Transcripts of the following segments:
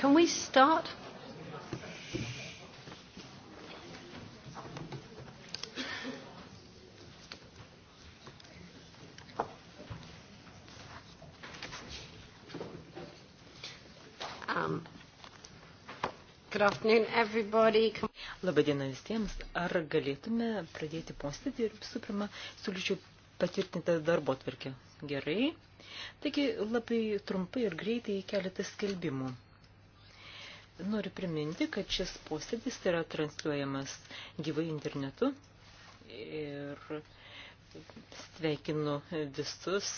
Can we start? Um, good afternoon, everybody. Labadiena visiems. Ar galėtume pradėti posėdį ir visų pirma, siūlyčiau patvirtinti darbo tvarkę. Gerai. Taigi labai trumpai ir greitai keletas skelbimų. Noriu priminti, kad šis posėdis yra transliuojamas gyvai internetu ir sveikinu visus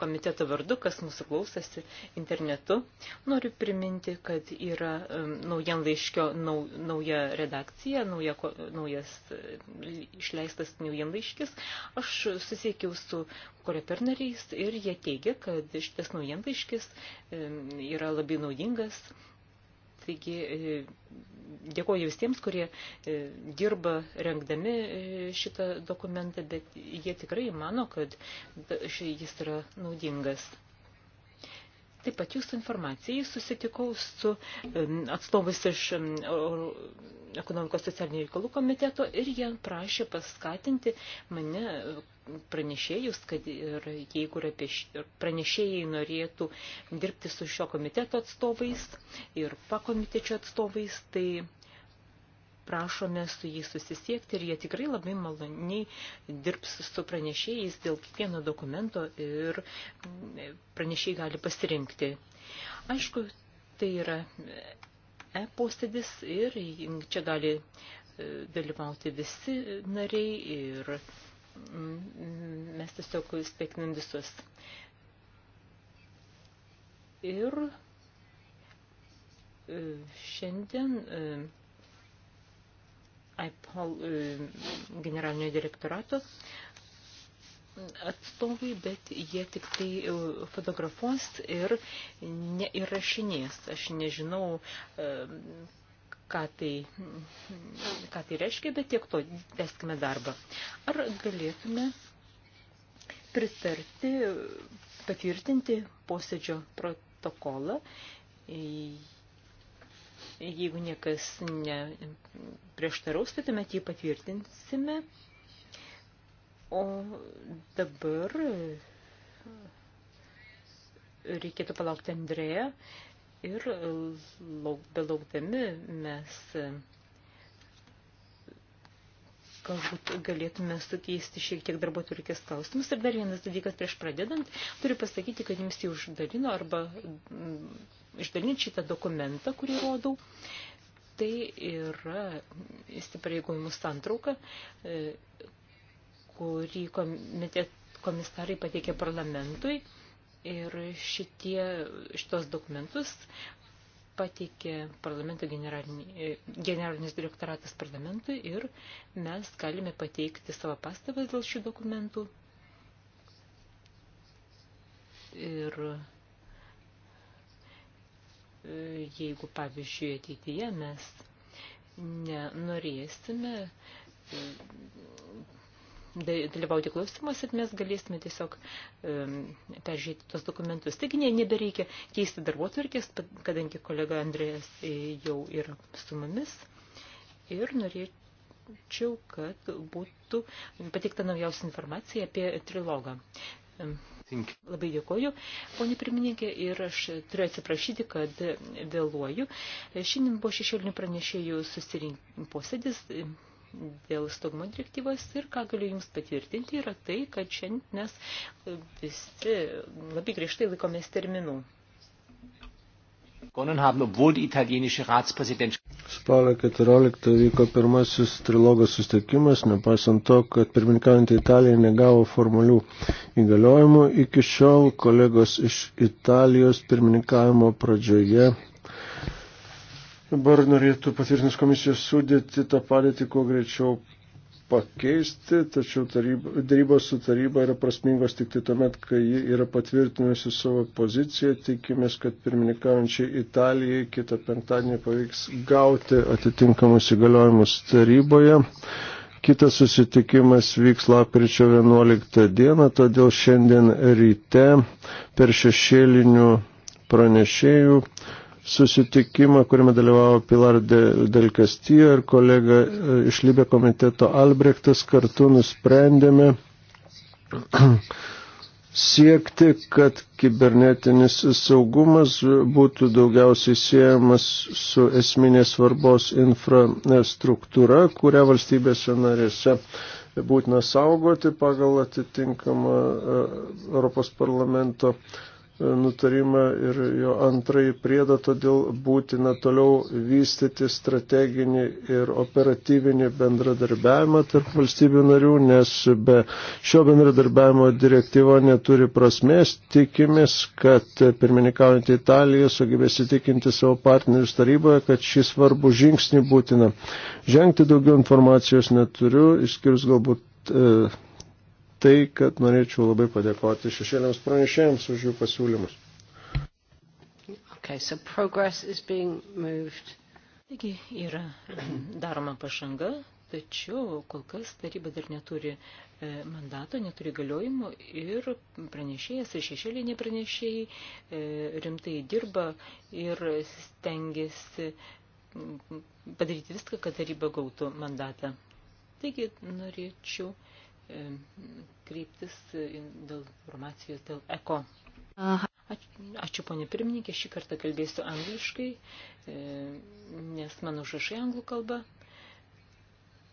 komiteto vardu, kas mūsų klausasi internetu. Noriu priminti, kad yra um, naujienlaiškio nau, nauja redakcija, nauja, naujas e, išleistas naujienlaiškis. Aš susiekiau su korepernariais ir jie teigia, kad šitas naujienlaiškis yra labai naudingas Taigi e, dėkoju visiems, kurie e, dirba rengdami e, šitą dokumentą, bet jie tikrai mano, kad jis yra naudingas. Taip pat jūsų informacijai susitikau su atstovais iš ekonomikos socialinių reikalų komiteto ir jie prašė paskatinti mane e, pranešėjus, kad ir jeigu apie pranešėjai norėtų dirbti su šio komiteto atstovais ir pakomitečio atstovais, tai prašome su jais susisiekti ir jie tikrai labai maloniai dirbs su pranešėjais dėl kiekvieno dokumento ir pranešėjai gali pasirinkti. Aišku, tai yra e-posėdis ir čia gali e, dalyvauti visi nariai ir mm, mes tiesiog sveikinam visus. Ir e, šiandien e, IPOL e, generalinio direktorato atstovai, bet jie tik tai e, fotografuos ir neįrašinės. Aš nežinau, e, ką tai, ką tai reiškia, bet tiek to, teskime darbą. Ar galėtume pritarti, patvirtinti posėdžio protokolą? Jeigu niekas neprieštaraus, tai tuomet jį patvirtinsime. O dabar e, reikėtų palaukti Andrėją ir lauk, belaukdami mes e, galbūt galėtume sukeisti šiek tiek darbo turkės klausimus. Ir dar vienas dalykas prieš pradedant, turiu pasakyti, kad jums jau uždalino arba išdalinti šitą dokumentą, kurį rodau. Tai yra įsipareigojimų santrauka, e, kurį komitet, komisarai pateikė parlamentui ir šitie, šitos dokumentus pateikė parlamento e, generalinis direktoratas parlamentui ir mes galime pateikti savo pastabas dėl šių dokumentų. Ir jeigu, pavyzdžiui, ateityje mes nenorėsime e, dalyvauti klausimuose, mes galėsime tiesiog e, peržiūrėti tos dokumentus. Taigi ne, nebereikia keisti darbotvarkės, kadangi kolega Andrėjas e, jau yra su mumis ir norėčiau, kad būtų patikta naujausia informacija apie trilogą. Labai dėkoju, ponė pirmininkė, ir aš turiu atsiprašyti, kad vėluoju. Šiandien buvo šešėlinių pranešėjų susirinkimų posėdis dėl stogmo direktyvos ir ką galiu Jums patvirtinti yra tai, kad šiandien mes visi labai griežtai laikomės terminų. Spalio 14 vyko pirmasis trilogo sustikimas, nepaisant to, kad pirmininkaujant Italija negavo formalių įgaliojimų. Iki šiol kolegos iš Italijos pirmininkavimo pradžioje dabar norėtų patvirtinus komisijos sudėti tą padėtį kuo greičiau pakeisti, tačiau taryba, darybos su taryba yra prasmingos tik tai tuomet, kai ji yra patvirtinusi savo poziciją. Tikimės, kad pirmininkaujančiai Italijai kitą penktadienį pavyks gauti atitinkamus įgaliojimus taryboje. Kitas susitikimas vyks lapkričio 11 dieną, todėl šiandien ryte per šešėlinių pranešėjų susitikimą, kuriame dalyvavo Pilar del Castillo ir kolega e, iš Libė komiteto Albrechtas kartu nusprendėme siekti, kad kibernetinis saugumas būtų daugiausiai siejamas su esminės svarbos infrastruktūra, kurią valstybėse narėse būtina saugoti pagal atitinkamą e, Europos parlamento nutarimą ir jo antrąjį priedą, todėl būtina toliau vystyti strateginį ir operatyvinį bendradarbiavimą tarp valstybių narių, nes be šio bendradarbiavimo direktyva neturi prasmės. Tikimės, kad pirmininkaujant Italiją sugebės įtikinti savo partnerius taryboje, kad šį svarbų žingsnį būtina. Žengti daugiau informacijos neturiu, išskyrus galbūt. E, tai, kad norėčiau labai padėkoti šešėliams pranešėjams už jų pasiūlymus. Okay, so progress is being moved. Taigi yra daroma pažanga, tačiau kol kas taryba dar neturi e, mandato, neturi galiojimo ir pranešėjas ir šešėliniai pranešėjai e, rimtai dirba ir stengiasi padaryti viską, kad taryba gautų mandatą. Taigi norėčiau kreiptis dėl informacijos dėl eko. Ačiū, ponė pirmininkė, šį kartą kalbėsiu angliškai, e, nes mano užrašai anglų kalba.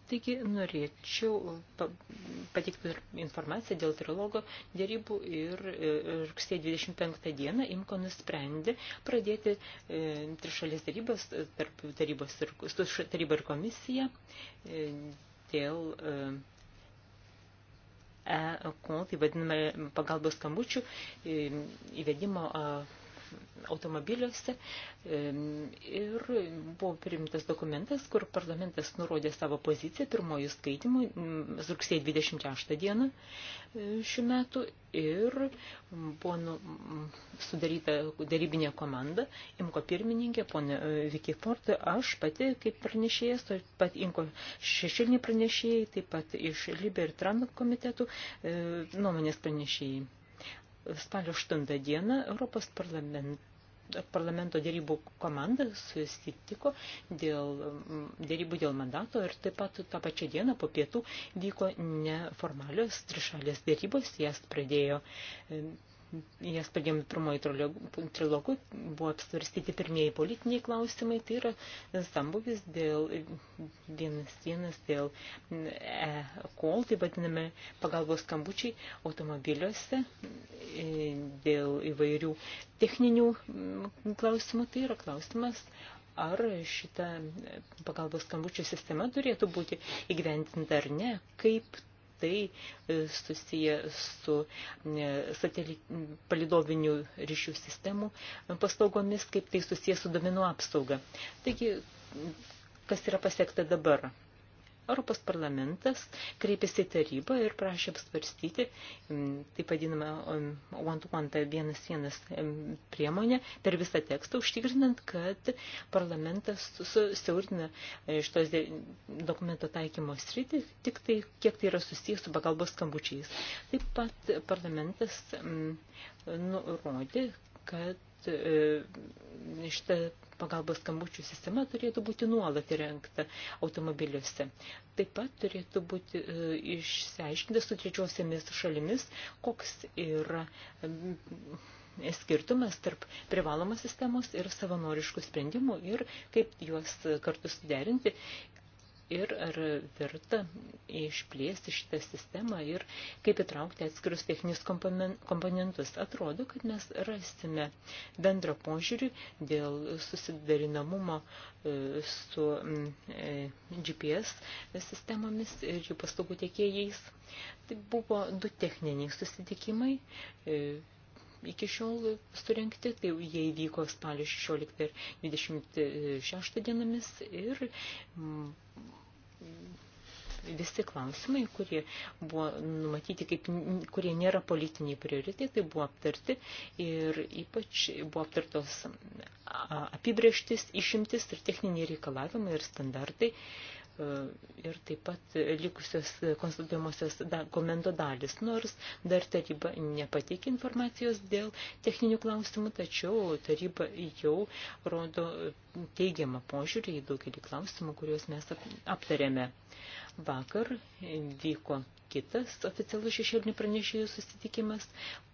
Taigi norėčiau pateikti informaciją dėl trilogo dėrybų ir e, rugsėjo 25 dieną Imko nusprendė pradėti e, trišalės dėrybas tarp tarybos ir, taryba ir komisija dėl e-call, tai vadiname pagalbos skambučių įvedimo automobiliuose ir buvo priimtas dokumentas, kur parlamentas nurodė savo poziciją pirmojų skaitimų mm, rugsėjo 26 dieną e, šių metų ir buvo nu, mm, sudaryta darybinė komanda, imko pirmininkė, ponė e, Vicky Ford, aš pati kaip pranešėjas, taip pat imko šešilni pranešėjai, taip pat iš Liber ir Tran komitetų e, nuomonės pranešėjai spalio 8 dieną Europos parlamentas parlamento dėrybų komanda susitiko dėl mm, dėrybų dėl mandato ir taip pat tą pačią dieną po pietų vyko neformalios trišalės dėrybos, jas pradėjo jas pradėjome pirmoji trilogų, buvo apsvarstyti pirmieji politiniai klausimai, tai yra sambuvis dėl vienas vienas, dėl e-call, tai vadiname pagalbos skambučiai automobiliuose, e, dėl įvairių techninių klausimų, tai yra klausimas, ar šita pagalbos skambučių sistema turėtų būti įgyventinta ar ne, kaip tai e, susiję su e, palidovinių ryšių sistemų e, paslaugomis, kaip tai susiję su domenų apsauga. Taigi, kas yra pasiekta dabar? Europos parlamentas kreipėsi į tarybą ir prašė apsvarstyti, taip vadinamą one-to-one vienas vienas priemonę per visą tekstą, užtikrinant, kad parlamentas siaurina e, šitos dokumento taikymo sritį, tik tai kiek tai yra susijęs su pagalbos skambučiais. Taip pat parlamentas nurodė, kad e, šitą pagalbos skambučių sistema turėtų būti nuolat įrengta automobiliuose. Taip pat turėtų būti e, išsiaiškinta su trečiosiamis šalimis, koks yra e, skirtumas tarp privalomos sistemos ir savanoriškų sprendimų ir kaip juos kartu suderinti ir ar verta išplėsti šitą sistemą ir kaip įtraukti atskirus techninius komponentus. Atrodo, kad mes rasime bendrą požiūrį dėl susidarinamumo e, su e, GPS sistemomis ir jų paslaugų tiekėjais. Tai buvo du techniniai susitikimai e, iki šiol surenkti, tai jie įvyko spalio 16 ir 26 dienomis ir mm, visi klausimai, kurie buvo numatyti, kaip, kurie nėra politiniai prioritetai, buvo aptarti ir ypač buvo aptartos apibrieštis, išimtis ir techniniai reikalavimai ir standartai. E, E, ir taip pat likusios konsultuojamosios dokumento dalis, nors dar taryba nepateikė informacijos dėl techninių klausimų, tačiau taryba jau rodo teigiamą požiūrį į daugelį klausimų, kuriuos mes aptarėme. Vakar vyko kitas oficialus šešėlinių pranešėjų susitikimas,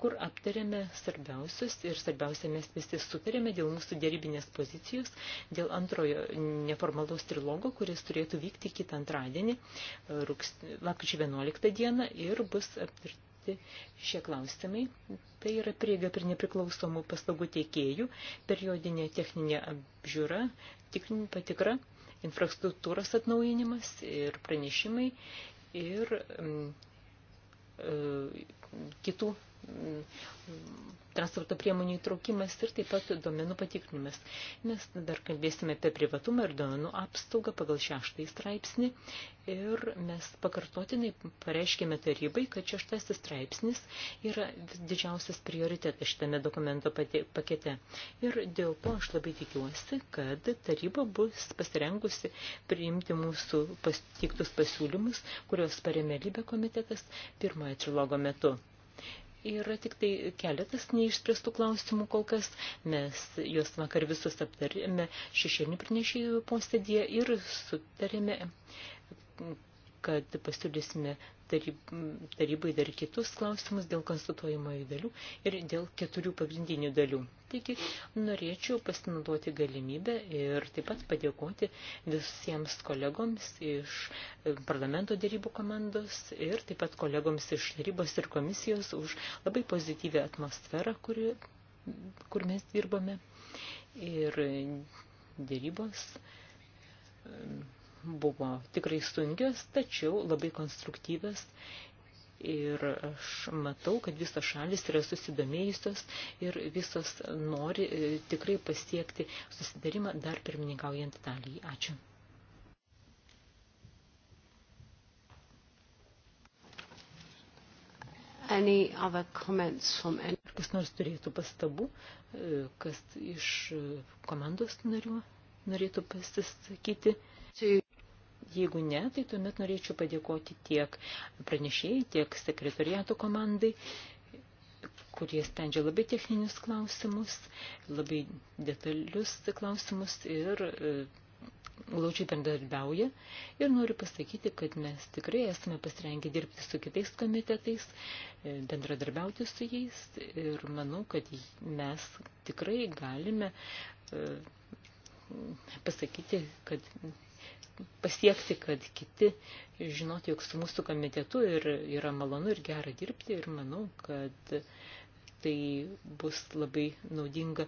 kur aptarėme svarbiausius ir svarbiausia mes visi sutarėme dėl mūsų dėrybinės pozicijos, dėl antrojo neformalaus trilogo, kuris turėtų vykti kitą antradienį, lapkričio 11 dieną ir bus aptarti šie klausimai. Tai yra prieiga prie nepriklausomų paslaugų teikėjų, periodinė techninė apžiūra, tikrinė patikra. patikra infrastruktūros atnaujinimas ir pranešimai ir mm, e, kitų transporto priemonių įtraukimas ir taip pat duomenų patikrinimas. Mes dar kalbėsime apie privatumą ir duomenų apsaugą pagal šeštąjį straipsnį ir mes pakartotinai pareiškėme tarybai, kad šeštasis straipsnis yra didžiausias prioritetas šitame dokumento pakete. Ir dėl to aš labai tikiuosi, kad taryba bus pasirengusi priimti mūsų pasitiktus pasiūlymus, kuriuos paremė Libė komitetas pirmojo trilogo metu. Yra tik tai keletas neišspręstų klausimų kol kas. Mes juos vakar visus aptarėme šešėlinių pranešėjų posėdėje ir sutarėme, kad pasiūlysime tarybai dar kitus klausimus dėl konstatuojamojų dalių ir dėl keturių pagrindinių dalių. Taigi norėčiau pasinaudoti galimybę ir taip pat padėkoti visiems kolegoms iš e, parlamento dėrybų komandos ir taip pat kolegoms iš dėrybos ir komisijos už labai pozityvę atmosferą, kuri, kur mes dirbame. Ir dėrybos buvo tikrai sunkios, tačiau labai konstruktyvios. Ir aš matau, kad visos šalis yra susidomėjusios ir visos nori e, tikrai pasiekti susidarimą dar pirmininkaujant Italijai. Ačiū. Any other comments from any... Ar kas nors turėtų pastabų, e, kas iš e, komandos narių norėtų pasisakyti? Jeigu ne, tai tuomet norėčiau padėkoti tiek pranešėjai, tiek sekretoriato komandai kurie sprendžia labai techninius klausimus, labai detalius klausimus ir e, glaučiai bendradarbiauja ir noriu pasakyti, kad mes tikrai esame pasirengę dirbti su kitais komitetais, e, bendradarbiauti su jais ir manau, kad mes tikrai galime e, pasakyti, kad pasiekti, kad kiti žinotų, jog su mūsų komitetu ir, yra malonu ir gera dirbti ir manau, kad tai bus labai naudinga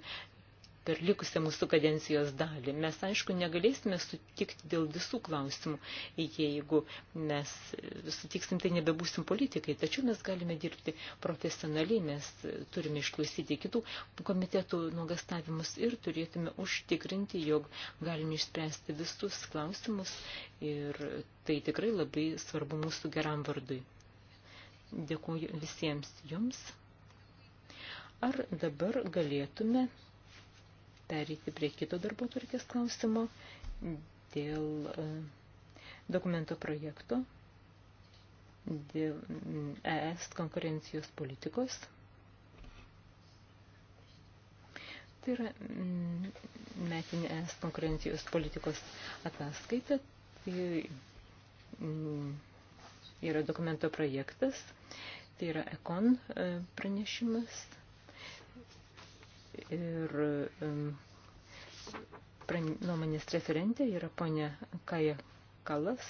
per likusią mūsų kadencijos dalį. Mes, aišku, negalėsime sutikti dėl visų klausimų. Jeigu mes e, sutiksim, tai nebebūsim politikai, tačiau mes galime dirbti profesionaliai, mes e, turime išklausyti kitų komitetų nuogastavimus ir turėtume užtikrinti, jog galime išspręsti visus klausimus ir tai tikrai labai svarbu mūsų geram vardui. Dėkuoju visiems jums. Ar dabar galėtume pereiti prie kito darbo turkės klausimo dėl e, dokumento projekto, dėl mm, ES konkurencijos politikos. Tai yra mm, metinė ES konkurencijos politikos ataskaita. Tai mm, yra dokumento projektas, tai yra ekon e, pranešimas ir nuomonės referentė yra ponė Kaja Kalas.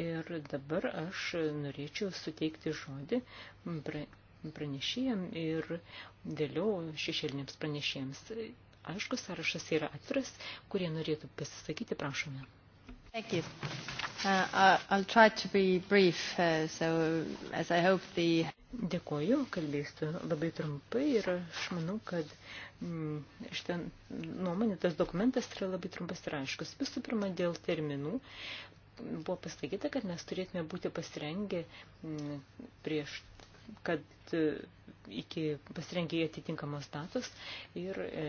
Ir dabar aš norėčiau suteikti žodį pranešėjam ir vėliau šešėlinėms pranešėjams. Aišku, sąrašas yra atviras, kurie norėtų pasisakyti, prašome. Thank you. Uh, I'll try to be brief, uh, so as I hope the... Dėkuoju, kalbėsiu labai trumpai ir aš manau, kad mm, šitą nuomonę tas dokumentas yra labai trumpas ir aiškus. Visų pirma, dėl terminų buvo pasakyta, kad mes turėtume būti pasirengę mm, prieš kad e, iki pasirengė atitinkamos datos ir e,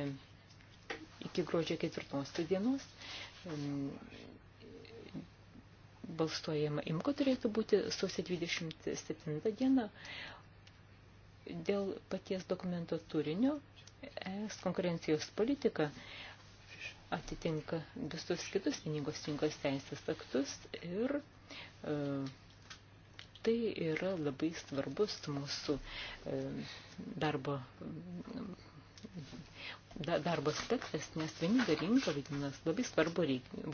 iki gruodžio ketvirtos dienos mm, balsuojama imko turėtų būti sausio 27 diena. Dėl paties dokumento turinio ES konkurencijos politika atitinka visus kitus vieningos rinkos teisės aktus ir e, tai yra labai svarbus mūsų e, darbo, da, darbo aspektas, nes vieninga rinka vaidina labai svarbu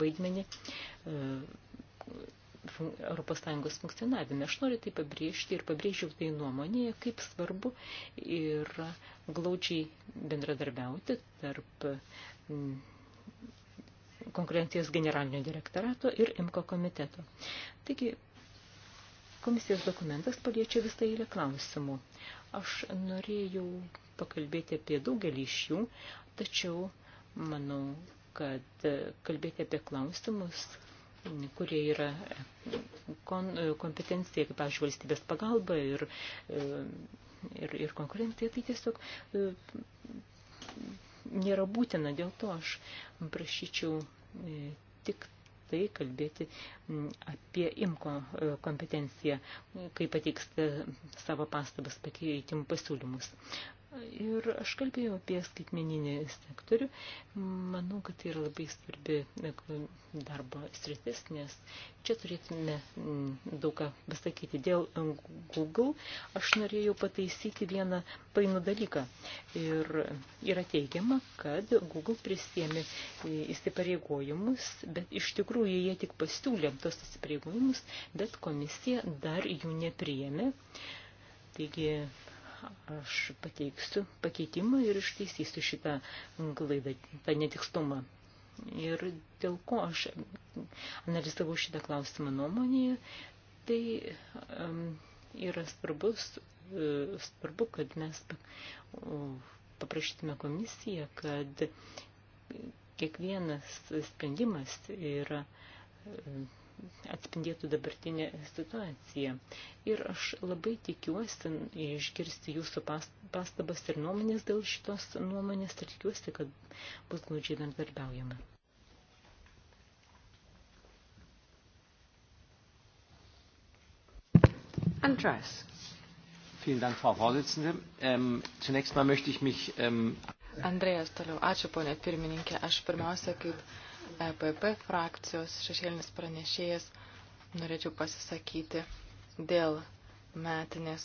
vaidmenį e, Europos Sąjungos funkcionavime. Aš noriu tai pabrėžti ir pabrėžiau tai nuomonėje, kaip svarbu yra glaučiai bendradarbiauti tarp mm, konkurencijos generalinio direktorato ir IMKO komiteto. Taigi, komisijos dokumentas paliečia visą eilę klausimų. Aš norėjau pakalbėti apie daugelį iš jų, tačiau manau, kad e, kalbėti apie klausimus, kurie yra kompetencija, kaip, pavyzdžiui, valstybės pagalba ir, ir, ir konkurencija, tai tiesiog e, nėra būtina. Dėl to aš prašyčiau e, tik tai kalbėti apie imko e, kompetenciją, kai pateiks savo pastabas pakeitimų pasiūlymus. Ir aš kalbėjau apie skaitmeninį sektorių. Manau, kad tai yra labai svarbi e, darbo sritis, nes čia turėtume mm, daug ką pasakyti. Dėl e, Google aš norėjau pataisyti vieną painų dalyką. Ir yra teigiama, kad Google prisėmė e, įsipareigojimus, bet iš tikrųjų jie tik pasiūlė tos įsipareigojimus, bet komisija dar jų nepriėmė. Taigi aš pateiksiu pakeitimą ir išteisysiu šitą klaidą, tą netikstumą. Ir dėl ko aš analizavau šitą klausimą nuomonėje, tai um, yra svarbus, e, svarbu, kad mes paprašytume komisiją, kad kiekvienas sprendimas yra um, atspindėtų dabartinę situaciją. Ir aš labai tikiuosi išgirsti jūsų pastabas ir nuomonės dėl šitos nuomonės ir tikiuosi, kad bus glaudžiai bendradarbiaujama. Andreas. Vielen Dank, Frau Vorsitzende. Ähm, zunächst mal möchte ich mich. Ähm Andreas, toliau. Ačiū, ponė pirmininkė. Aš pirmiausia, kaip EPP frakcijos šešėlinis pranešėjas norėčiau pasisakyti dėl metinės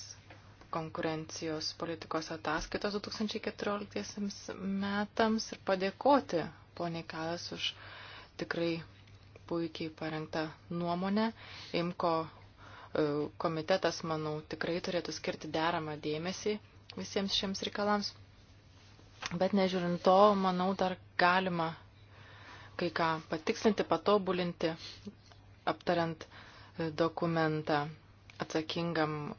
konkurencijos politikos ataskaitos 2014 metams ir padėkoti poniai Kalas už tikrai puikiai parengtą nuomonę. Imko e, komitetas, manau, tikrai turėtų skirti deramą dėmesį visiems šiems reikalams. Bet nežiūrint to, manau, dar galima kai ką patikslinti, patobulinti, aptariant e, dokumentą atsakingam e,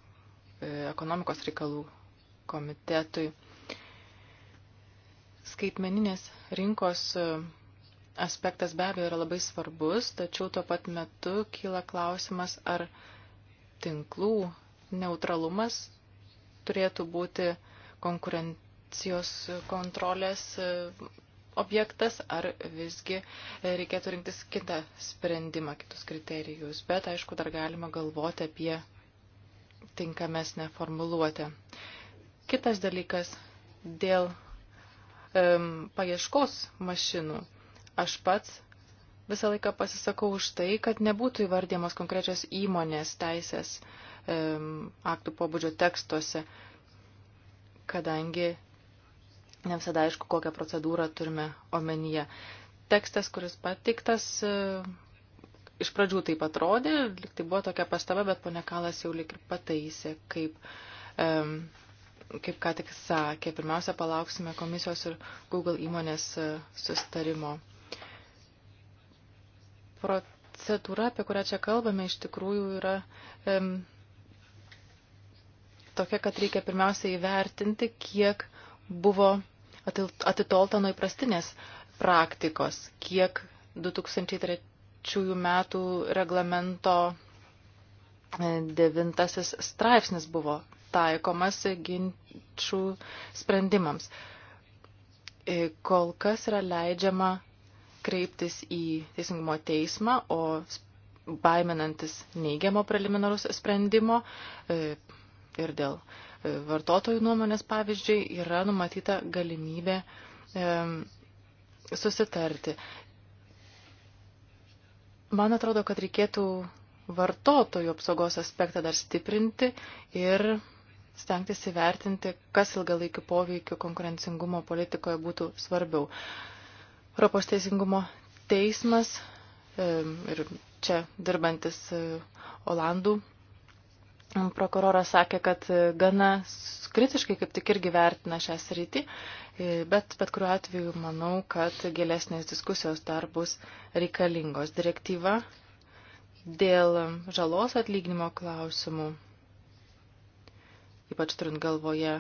ekonomikos reikalų komitetui. Skaitmeninės rinkos e, aspektas be abejo yra labai svarbus, tačiau tuo pat metu kyla klausimas, ar tinklų neutralumas turėtų būti konkurencijos kontrolės objektas, ar visgi reikėtų rinktis kitą sprendimą, kitus kriterijus. Bet, aišku, dar galima galvoti apie tinkamesnę formuluotę. Kitas dalykas dėl um, paieškos mašinų. Aš pats visą laiką pasisakau už tai, kad nebūtų įvardymas konkrečios įmonės teisės um, aktų pobūdžio tekstuose, kadangi Ne visada aišku, kokią procedūrą turime omenyje. Tekstas, kuris patiktas, e, iš pradžių taip atrodė, tai buvo tokia pastaba, bet ponia Kalas jau lik ir pataisė, kaip, um, kaip ką tik sakė. Pirmiausia, palauksime komisijos ir Google įmonės e, sustarimo. Procedūra, apie kurią čia kalbame, iš tikrųjų yra um, tokia, kad reikia pirmiausia įvertinti, kiek buvo atitolta nuo įprastinės praktikos, kiek 2003 metų reglamento e, devintasis straipsnis buvo taikomas ginčių sprendimams. E, kol kas yra leidžiama kreiptis į teisingumo teismą, o baiminantis neigiamo preliminarus sprendimo e, ir dėl vartotojų nuomonės pavyzdžiui yra numatyta galimybė e, susitarti. Man atrodo, kad reikėtų vartotojų apsaugos aspektą dar stiprinti ir stengtis įvertinti, kas ilgalaikių poveikių konkurencingumo politikoje būtų svarbiau. Europos teisingumo teismas ir čia dirbantis e, Olandų Prokuroras sakė, kad e, gana kritiškai kaip tik irgi vertina šią sritį, e, bet bet kuriuo atveju manau, kad gilesnės diskusijos dar bus reikalingos. Direktyva dėl žalos atlyginimo klausimų, ypač turint galvoje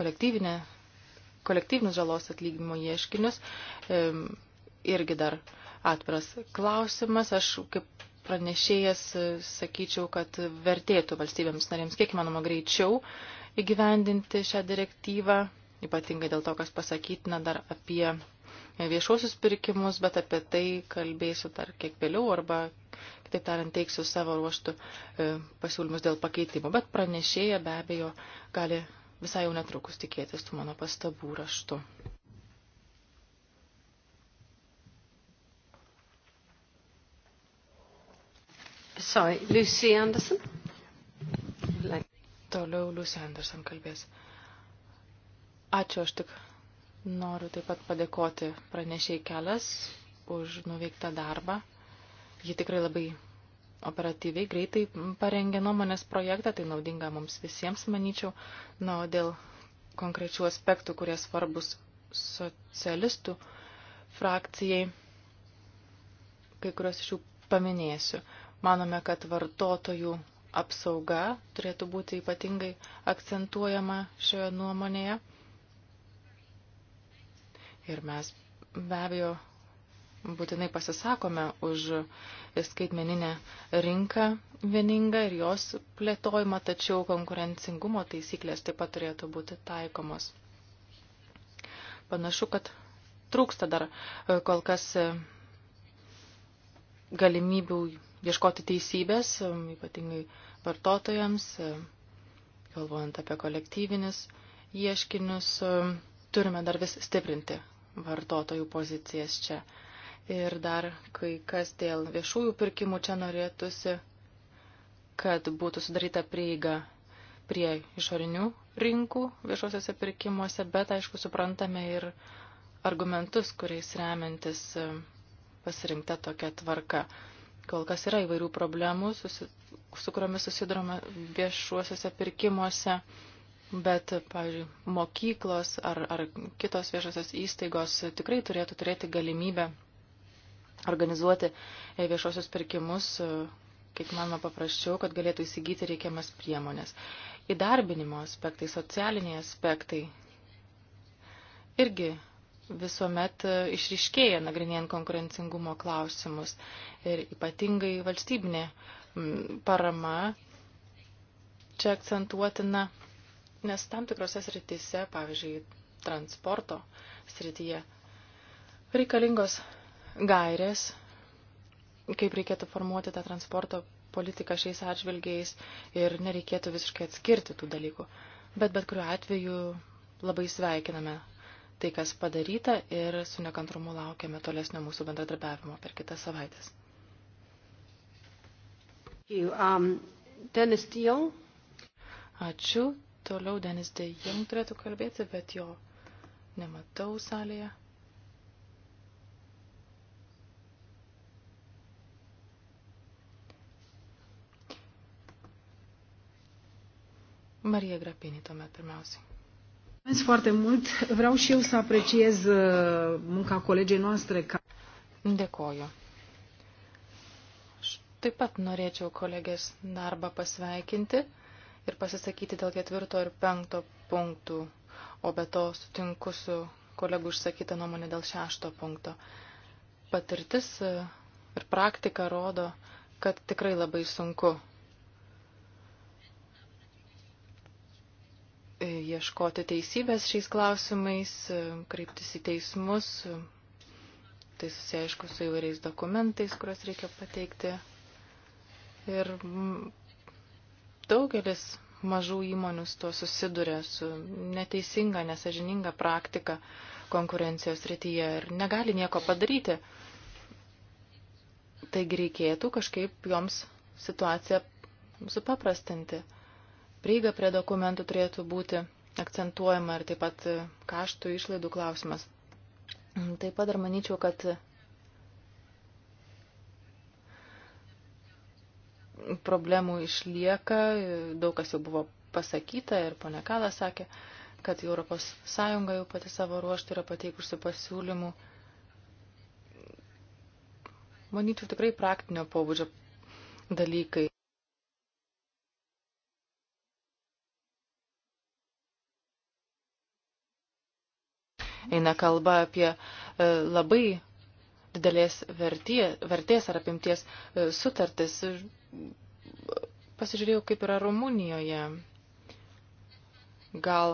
kolektyvinius žalos atlyginimo ieškinius, e, irgi dar atviras klausimas. Aš kaip pranešėjas, sakyčiau, kad vertėtų valstybėms narėms kiek įmanoma greičiau įgyvendinti šią direktyvą, ypatingai dėl to, kas pasakytina dar apie viešuosius pirkimus, bet apie tai kalbėsiu dar kiek vėliau arba, kitaip tariant, teiksiu savo ruoštų e, pasiūlymus dėl pakeitimo. Bet pranešėja be abejo gali visai jau netrukus tikėtis tų mano pastabų raštu. Sorry, Lucy Anderson. Toliau Lucy Anderson kalbės. Ačiū, aš tik noriu taip pat padėkoti pranešiai kelias už nuveiktą darbą. Ji tikrai labai operatyviai, greitai parengė nuomonės projektą, tai naudinga mums visiems, manyčiau. Na, o dėl konkrečių aspektų, kurie svarbus socialistų frakcijai, kai kurios iš jų paminėsiu. Manome, kad vartotojų apsauga turėtų būti ypatingai akcentuojama šioje nuomonėje. Ir mes be abejo būtinai pasisakome už skaitmeninę rinką vieningą ir jos plėtojimą, tačiau konkurencingumo taisyklės taip pat turėtų būti taikomos. Panašu, kad trūksta dar kol kas galimybių ieškoti teisybės, ypatingai vartotojams, galvojant apie kolektyvinius ieškinius, turime dar vis stiprinti vartotojų pozicijas čia. Ir dar kai kas dėl viešųjų pirkimų čia norėtųsi, kad būtų sudaryta prieiga prie išorinių rinkų viešuosiuose pirkimuose, bet aišku suprantame ir argumentus, kuriais remiantis pasirinkta tokia tvarka. Kol kas yra įvairių problemų, susi, su kuriomis susidurome viešuosiuose pirkimuose, bet, pavyzdžiui, mokyklos ar, ar kitos viešosios įstaigos tikrai turėtų turėti galimybę organizuoti e, viešosios pirkimus, e, kiek manoma paprasčiau, kad galėtų įsigyti reikiamas priemonės. Įdarbinimo aspektai, socialiniai aspektai irgi visuomet e, išriškėja nagrinėjant konkurencingumo klausimus ir ypatingai valstybinė parama čia akcentuotina, nes tam tikrose srityse, pavyzdžiui, transporto srityje, reikalingos gairės, kaip reikėtų formuoti tą transporto politiką šiais atžvilgiais ir nereikėtų visiškai atskirti tų dalykų. Bet bet kuriuo atveju labai sveikiname tai, kas padaryta ir su nekantrumu laukiame tolesnio mūsų bendradarbiavimo per kitas savaitės. Um, Denis Dion. Ačiū. Toliau Denis de Jong turėtų kalbėti, bet jo nematau salėje. Marija Grapinį tuomet pirmiausiai. Mulțumesc foarte mult. Vreau și eu să apreciez uh, munca colegei noastre. Dėkoju. Aš taip pat norėčiau kolegės darbą pasveikinti ir pasisakyti dėl ketvirto ir penkto punktų, o be to sutinku su kolegų išsakyta nuomonė dėl šešto punkto. Patirtis ir praktika rodo, kad tikrai labai sunku ieškoti teisybės šiais klausimais, kreiptis į teismus. Tai susiaišku su įvairiais dokumentais, kuriuos reikia pateikti. Ir daugelis mažų įmonių su tuo susiduria, su neteisinga, nesažininga praktika konkurencijos rytyje ir negali nieko padaryti. Taigi reikėtų kažkaip joms situaciją supaprastinti. Prieiga prie dokumentų turėtų būti akcentuojama ir taip pat kaštų išlaidų klausimas. Taip pat dar manyčiau, kad problemų išlieka, daug kas jau buvo pasakyta ir ponia Kala sakė, kad Europos Sąjunga jau pati savo ruoštų yra pateikusi pasiūlymų, manyčiau, tikrai praktinio pobūdžio dalykai. eina kalba apie e, labai didelės vertė, vertės ar apimties e, sutartis. Pasižiūrėjau, kaip yra Rumunijoje. Gal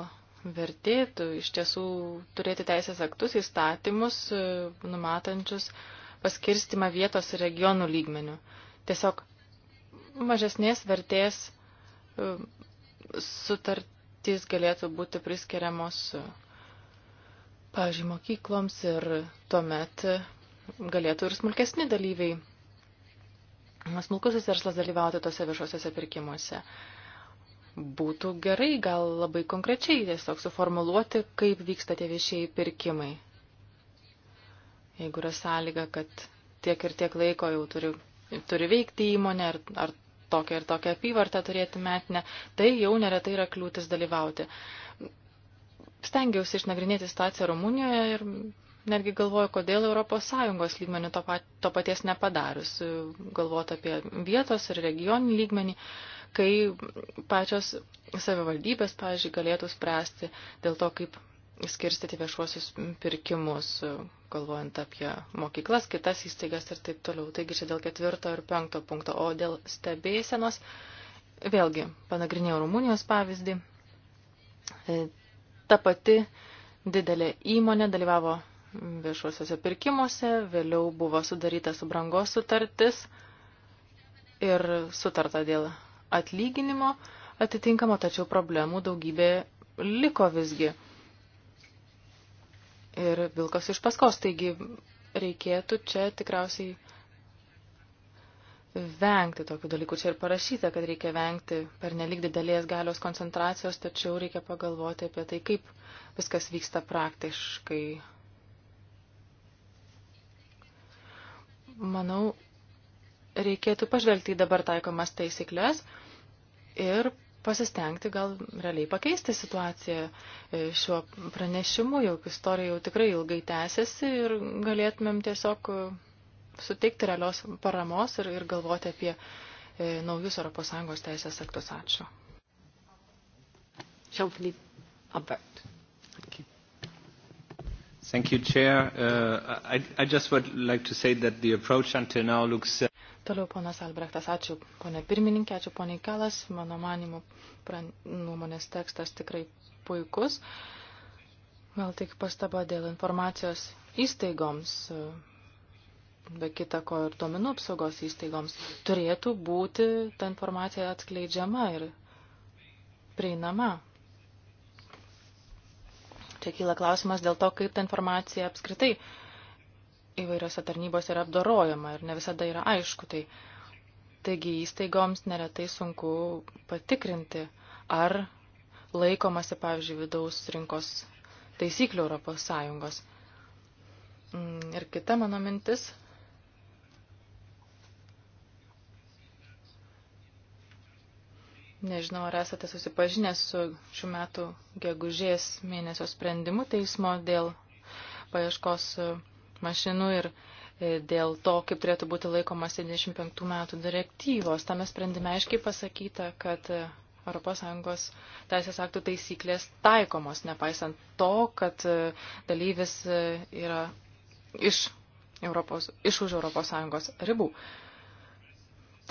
vertėtų iš tiesų turėti teisės aktus, įstatymus, e, numatančius paskirstimą vietos ir regionų lygmenių. Tiesiog mažesnės vertės sutartys galėtų būti priskiriamos pavyzdžiui, mokykloms ir tuomet galėtų ir smulkesni dalyviai, smulkusis verslas dalyvauti tose viešuosiuose pirkimuose. Būtų gerai gal labai konkrečiai tiesiog suformuluoti, kaip vyksta tie viešieji pirkimai. Jeigu yra sąlyga, kad tiek ir tiek laiko jau turi, turi veikti įmonė, ar, ar tokią ir tokią apyvartą turėti metinę, tai jau neretai yra kliūtis dalyvauti stengiausi išnagrinėti situaciją Rumunijoje ir netgi galvoju, kodėl ES lygmenį to, pat, to paties nepadarius. Galvoti apie vietos ir regioninį lygmenį, kai pačios savivaldybės, pavyzdžiui, galėtų spręsti dėl to, kaip skirstyti viešuosius pirkimus, galvojant apie mokyklas, kitas įstaigas ir taip toliau. Taigi čia dėl ketvirto ir penkto punkto, o dėl stebėsenos, vėlgi, panagrinėjau Rumunijos pavyzdį ta pati didelė įmonė dalyvavo viešuosiuose pirkimuose, vėliau buvo sudaryta subrangos sutartis ir sutarta dėl atlyginimo atitinkamo, tačiau problemų daugybė liko visgi. Ir vilkas iš paskos, taigi reikėtų čia tikriausiai vengti tokių dalykų. Čia ir parašyta, kad reikia vengti per nelik didelės galios koncentracijos, tačiau reikia pagalvoti apie tai, kaip viskas vyksta praktiškai. Manau, reikėtų pažvelgti į dabar taikomas taisyklės ir pasistengti gal realiai pakeisti situaciją e, šiuo pranešimu, jau istorija jau tikrai ilgai tęsiasi ir galėtumėm tiesiog suteikti realios paramos ir, ir galvoti apie e, naujus ES teisės aktus. Ačiū. Jean-Philippe Albert. Thank you. Thank you, Chair. Uh, I, I just would like to say that the approach until now looks... Uh... Toliau ponas Albrechtas, ačiū ponė pirmininkė, ačiū ponė Kalas, mano manimo pran... nuomonės tekstas tikrai puikus. Gal tik pastaba dėl informacijos įstaigoms. Uh, be kita ko ir domenų apsaugos įstaigoms, turėtų būti ta informacija atskleidžiama ir prieinama. Čia kyla klausimas dėl to, kaip ta informacija apskritai įvairiose tarnybos yra apdorojama ir ne visada yra aišku. Tai, taigi įstaigoms neretai sunku patikrinti, ar laikomasi, pavyzdžiui, vidaus rinkos taisyklių Europos Sąjungos. Mm, ir kita mano mintis Nežinau, ar esate susipažinę su šių metų gegužės mėnesio sprendimu teismo dėl paieškos e, mašinų ir e, dėl to, kaip turėtų būti laikomas 75 metų direktyvos. Tame sprendime aiškiai pasakyta, kad ES teisės aktų taisyklės taikomos, nepaisant to, kad e, dalyvis yra iš, Europos, iš už ES ribų.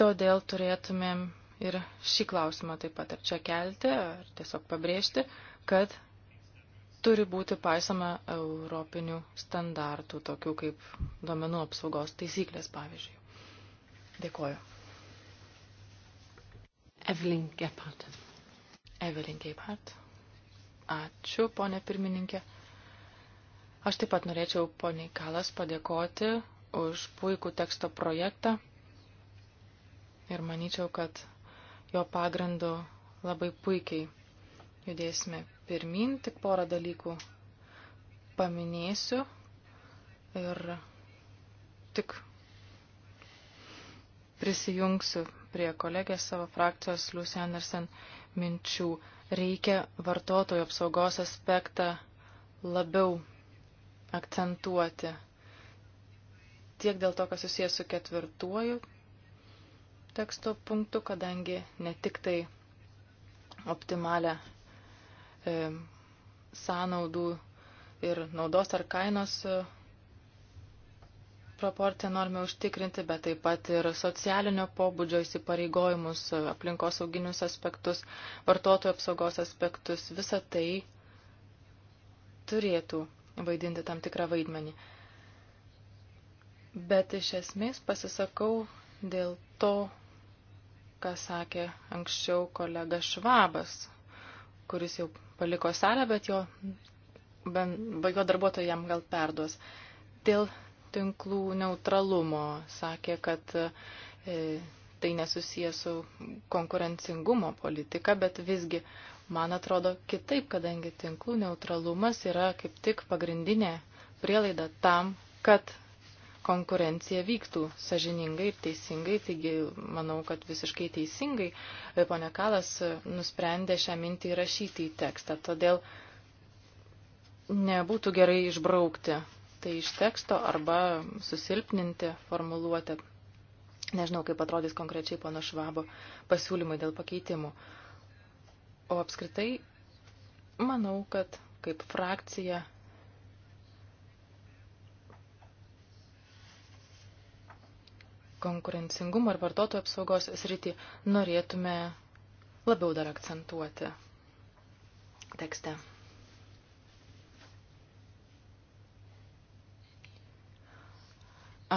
Todėl turėtumėm ir šį klausimą taip pat ar čia kelti, ar tiesiog pabrėžti, kad turi būti paisoma europinių standartų, tokių kaip duomenų apsaugos taisyklės, pavyzdžiui. Dėkoju. Evelyn Gephardt. Evelyn Gephardt. Ačiū, ponė pirmininkė. Aš taip pat norėčiau poniai Kalas padėkoti už puikų teksto projektą ir manyčiau, kad jo pagrindu labai puikiai judėsime pirmin, tik porą dalykų paminėsiu ir tik prisijungsiu prie kolegės savo frakcijos Lucy Anderson minčių. Reikia vartotojų apsaugos aspektą labiau akcentuoti tiek dėl to, kas susijęs su ketvirtuoju teksto punktu, kadangi ne tik tai optimalę e, sąnaudų ir naudos ar kainos e, proporciją norime užtikrinti, bet taip pat ir socialinio pobūdžio įsipareigojimus, e, aplinkosauginius aspektus, vartotojų apsaugos aspektus, visa tai turėtų vaidinti tam tikrą vaidmenį. Bet iš esmės pasisakau dėl to ką sakė anksčiau kolega Švabas, kuris jau paliko salę, bet jo, ben, jo darbuotojai jam gal perduos. Dėl tinklų neutralumo sakė, kad e, tai nesusijęs su konkurencingumo politika, bet visgi, man atrodo, kitaip, kadangi tinklų neutralumas yra kaip tik pagrindinė prielaida tam, kad konkurencija vyktų sažiningai ir teisingai, taigi manau, kad visiškai teisingai e, ponė Kalas e, nusprendė šią mintį įrašyti į tekstą, todėl nebūtų gerai išbraukti tai iš teksto arba susilpninti formuluotę. Nežinau, kaip atrodys konkrečiai pono Švabo pasiūlymai dėl pakeitimų. O apskritai, manau, kad kaip frakcija konkurencingumo ir vartotojų apsaugos sritį norėtume labiau dar akcentuoti tekste.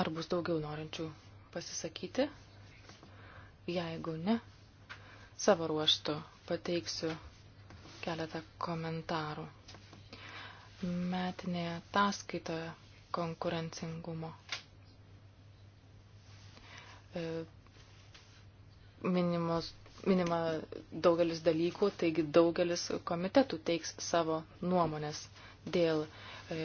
Ar bus daugiau norinčių pasisakyti? Jeigu ne, savo ruoštų pateiksiu keletą komentarų. Metinėje ataskaitoje konkurencingumo E, minimos, minima daugelis dalykų, taigi daugelis komitetų teiks savo nuomonės dėl e,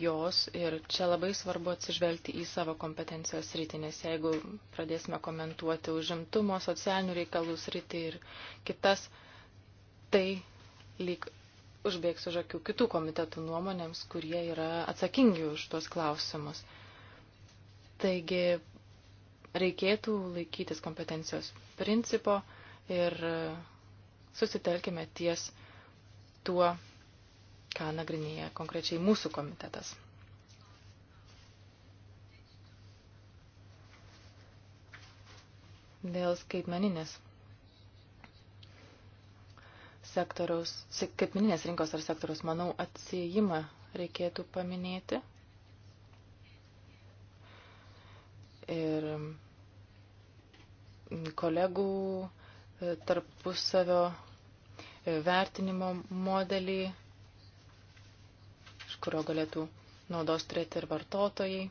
jos ir čia labai svarbu atsižvelgti į savo kompetencijos sritį, nes jeigu pradėsime komentuoti užimtumo, socialinių reikalų sritį ir kitas, tai lyg užbėgs už akių kitų komitetų nuomonėms, kurie yra atsakingi už tuos klausimus. Taigi reikėtų laikytis kompetencijos principo ir e, susitelkime ties tuo, ką nagrinėja konkrečiai mūsų komitetas. Dėl skaitmeninės sektoriaus, skaitmeninės rinkos ar sektoriaus, manau, atsijimą reikėtų paminėti. Ir kolegų e, tarpusavio e, vertinimo modelį, iš kurio galėtų naudos turėti ir vartotojai.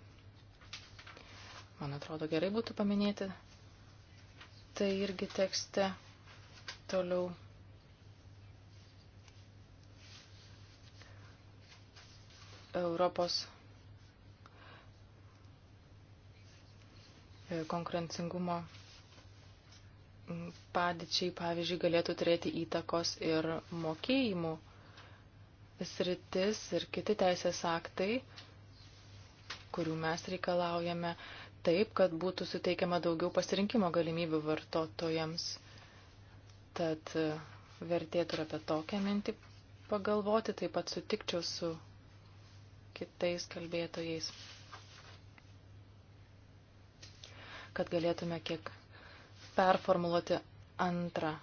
Man atrodo, gerai būtų paminėti. Tai irgi tekste toliau. Europos e, konkurencingumo padėčiai, pavyzdžiui, galėtų turėti įtakos ir mokėjimų sritis ir kiti teisės aktai, kurių mes reikalaujame taip, kad būtų suteikiama daugiau pasirinkimo galimybių vartotojams. Tad e, vertėtų ir apie tokią mintį pagalvoti, taip pat sutikčiau su kitais kalbėtojais, kad galėtume kiek performuluoti antrą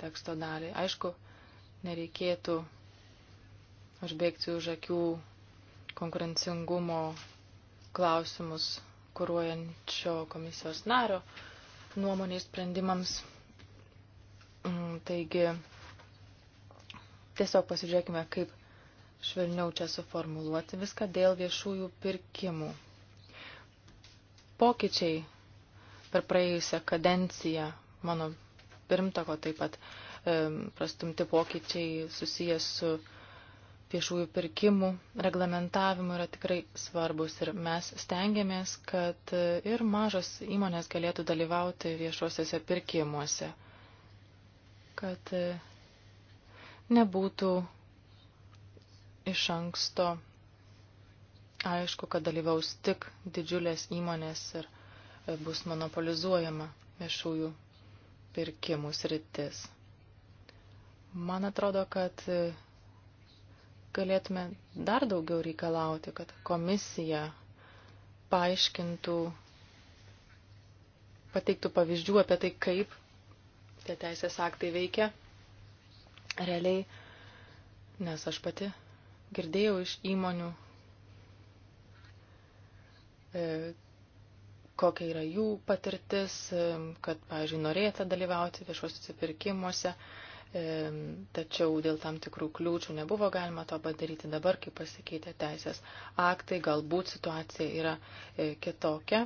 teksto dalį. Aišku, nereikėtų užbėgti už akių konkurencingumo klausimus kūruojančio komisijos nario nuomonės sprendimams. Mm, taigi, tiesiog pasižiūrėkime, kaip švelniau čia suformuluoti viską dėl viešųjų pirkimų. Pokyčiai Per praėjusią kadenciją mano pirmtako taip pat e, prastumti pokyčiai susijęs su viešųjų pirkimų reglamentavimu yra tikrai svarbus ir mes stengiamės, kad e, ir mažos įmonės galėtų dalyvauti viešuosiuose pirkimuose, kad e, nebūtų iš anksto aišku, kad dalyvaus tik didžiulės įmonės ir įmonės bus monopolizuojama viešųjų pirkimų sritis. Man atrodo, kad galėtume dar daugiau reikalauti, kad komisija paaiškintų, pateiktų pavyzdžių apie tai, kaip tie teisės aktai veikia realiai, nes aš pati girdėjau iš įmonių, e, kokia yra jų patirtis, kad, pavyzdžiui, norėta dalyvauti viešuosiuose pirkimuose, tačiau dėl tam tikrų kliūčių nebuvo galima to padaryti. Dabar, kai pasikeitė teisės aktai, galbūt situacija yra e, kitokia.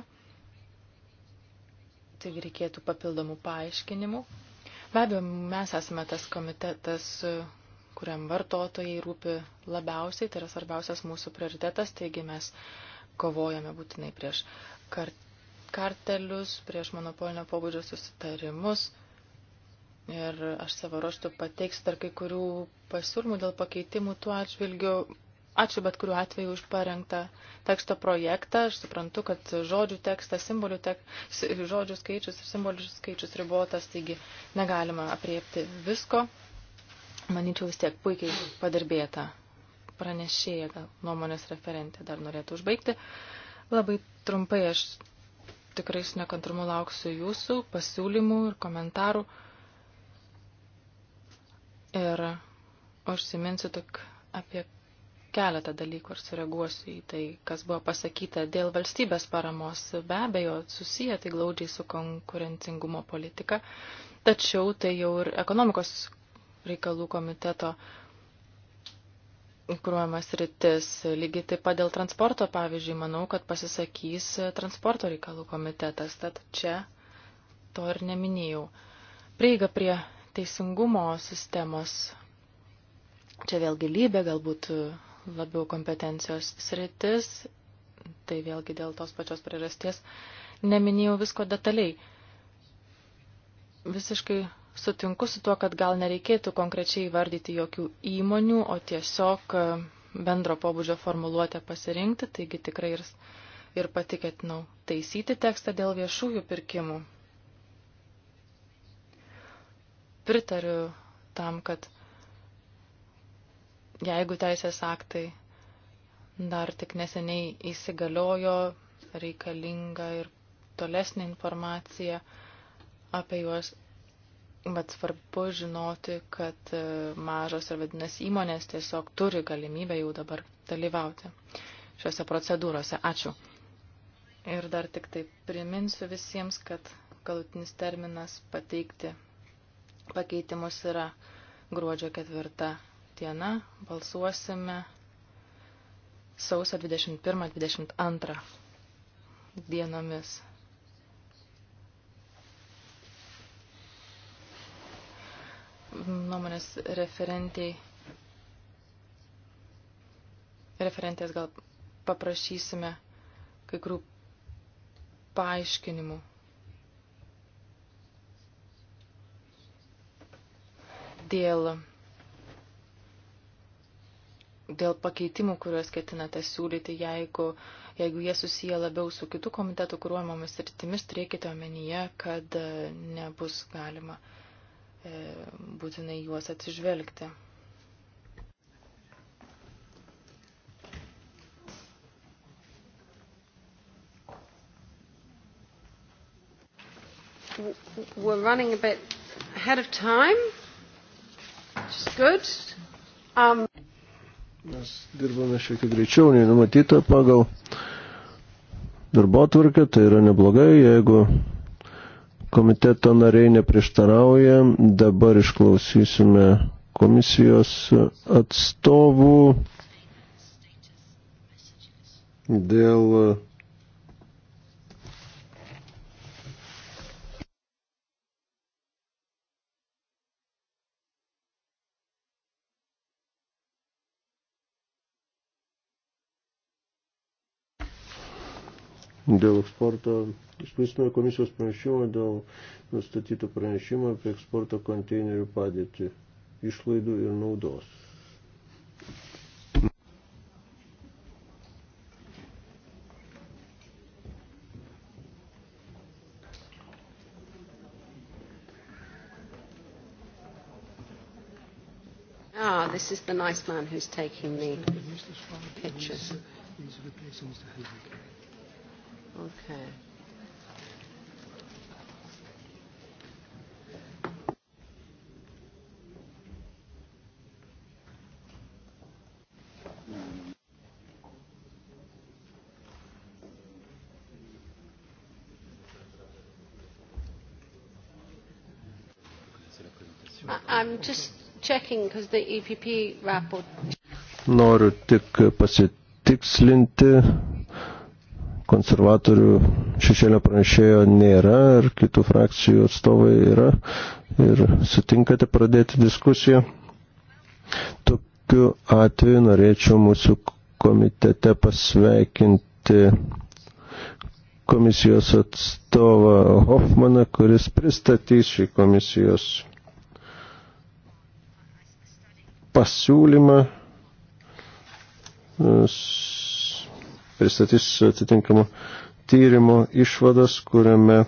Taigi reikėtų papildomų paaiškinimų. Be abejo, mes esame tas komitetas, e, kuriam vartotojai rūpi labiausiai, tai yra svarbiausias mūsų prioritetas, taigi mes kovojame būtinai prieš kart kartelius, prieš monopolinio pobūdžio susitarimus. Ir aš savo ruoštų pateiksiu dar kai kurių pasiūlymų dėl pakeitimų tuo atžvilgiu. Ačiū bet kuriuo atveju už parengtą teksto projektą. Aš suprantu, kad žodžių tekstas, simbolių tek, žodžių skaičius ir simbolių skaičius ribotas, taigi negalima apriepti visko. Manyčiau vis tiek puikiai padirbėta pranešėja, gal nuomonės referentė dar norėtų užbaigti. Labai trumpai aš tikrai su nekantrumu lauksiu jūsų pasiūlymų ir komentarų. Ir užsiminsiu tik apie keletą dalykų ir sureaguosiu į tai, kas buvo pasakyta dėl valstybės paramos. Be abejo, susiję tai glaudžiai su konkurencingumo politika, tačiau tai jau ir ekonomikos reikalų komiteto uh, kuruojamas rytis. Lygiai taip pat dėl transporto, pavyzdžiui, manau, kad pasisakys transporto reikalų komitetas, tad čia to ir neminėjau. Prieiga prie teisingumo sistemos. Čia vėlgi lybė, galbūt labiau kompetencijos sritis, tai vėlgi dėl tos pačios priežasties neminėjau visko detaliai. Visiškai sutinku su tuo, kad gal nereikėtų konkrečiai vardyti jokių įmonių, o tiesiog e, bendro pobūdžio formuluotę pasirinkti, taigi tikrai ir, ir patikėtinau taisyti tekstą dėl viešųjų pirkimų. Pritariu tam, kad jeigu teisės aktai dar tik neseniai įsigaliojo, reikalinga ir tolesnė informacija apie juos Bet svarbu žinoti, kad e, mažos ir vadinės įmonės tiesiog turi galimybę jau dabar dalyvauti šiuose procedūrose. Ačiū. Ir dar tik tai priminsiu visiems, kad galutinis terminas pateikti pakeitimus yra gruodžio ketvirta diena. Balsuosime sausio 21-22 dienomis. nuomonės referentiai. Referentės gal paprašysime kai kurių paaiškinimų. Dėl, dėl pakeitimų, kuriuos ketinate siūlyti, jeigu, jeigu jie susiję labiau su kitų komitetų kūruojamomis rytimis, turėkite omenyje, kad e, nebus galima uh, E, būtinai juos atsižvelgti. We're running a bit ahead of time, which is good. Um, Mes dirbame šiek tiek greičiau nei numatyta pagal darbo tvarkę, tai yra neblogai, jeigu komiteto nariai neprieštarauja. Dabar išklausysime komisijos atstovų dėl dėl eksporto, išklausime komisijos pranešimą dėl nustatytų pranešimą apie eksporto konteinerių padėtį, išlaidų ir naudos. Ah, this is the nice man who's taking the pictures. He's replacing Mr. Helvig. Okay. I'm just checking because the EPP rapport. Noriu tik pasitikslinti konservatorių šešėlio pranešėjo nėra ir kitų frakcijų atstovai yra. Ir sutinkate pradėti diskusiją. Tokiu atveju norėčiau mūsų komitete pasveikinti komisijos atstovą Hoffmaną, kuris pristatys šį komisijos pasiūlymą pristatys atitinkamų tyrimo išvadas, kuriame e,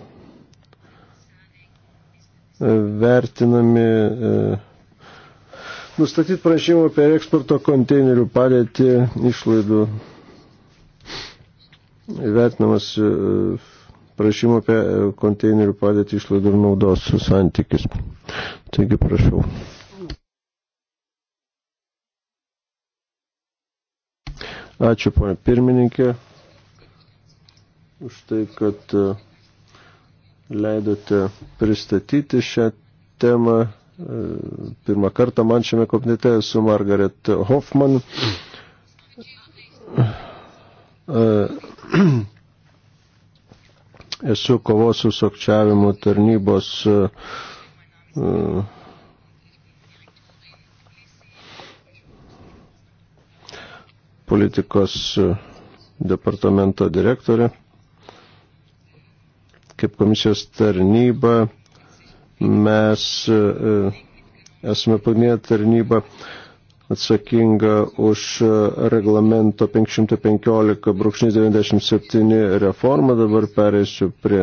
vertinami e, nustatyti prašymą apie eksporto konteinerių padėtį išlaidų vertinamas e, prašymo apie konteinerių padėtį išlaidų ir naudos santykis. Taigi prašau. Ačiū, ponė pirmininkė, už tai, kad e, leidote pristatyti šią temą. E, pirmą kartą man šiame komitete su Margaret Hoffman. E, esu kovos su sokčiavimu tarnybos politikos e, departamento direktorė. Kaip komisijos tarnyba mes e, esame pagrindinė tarnyba atsakinga už e, reglamento 515.97 reformą. Dabar pereisiu prie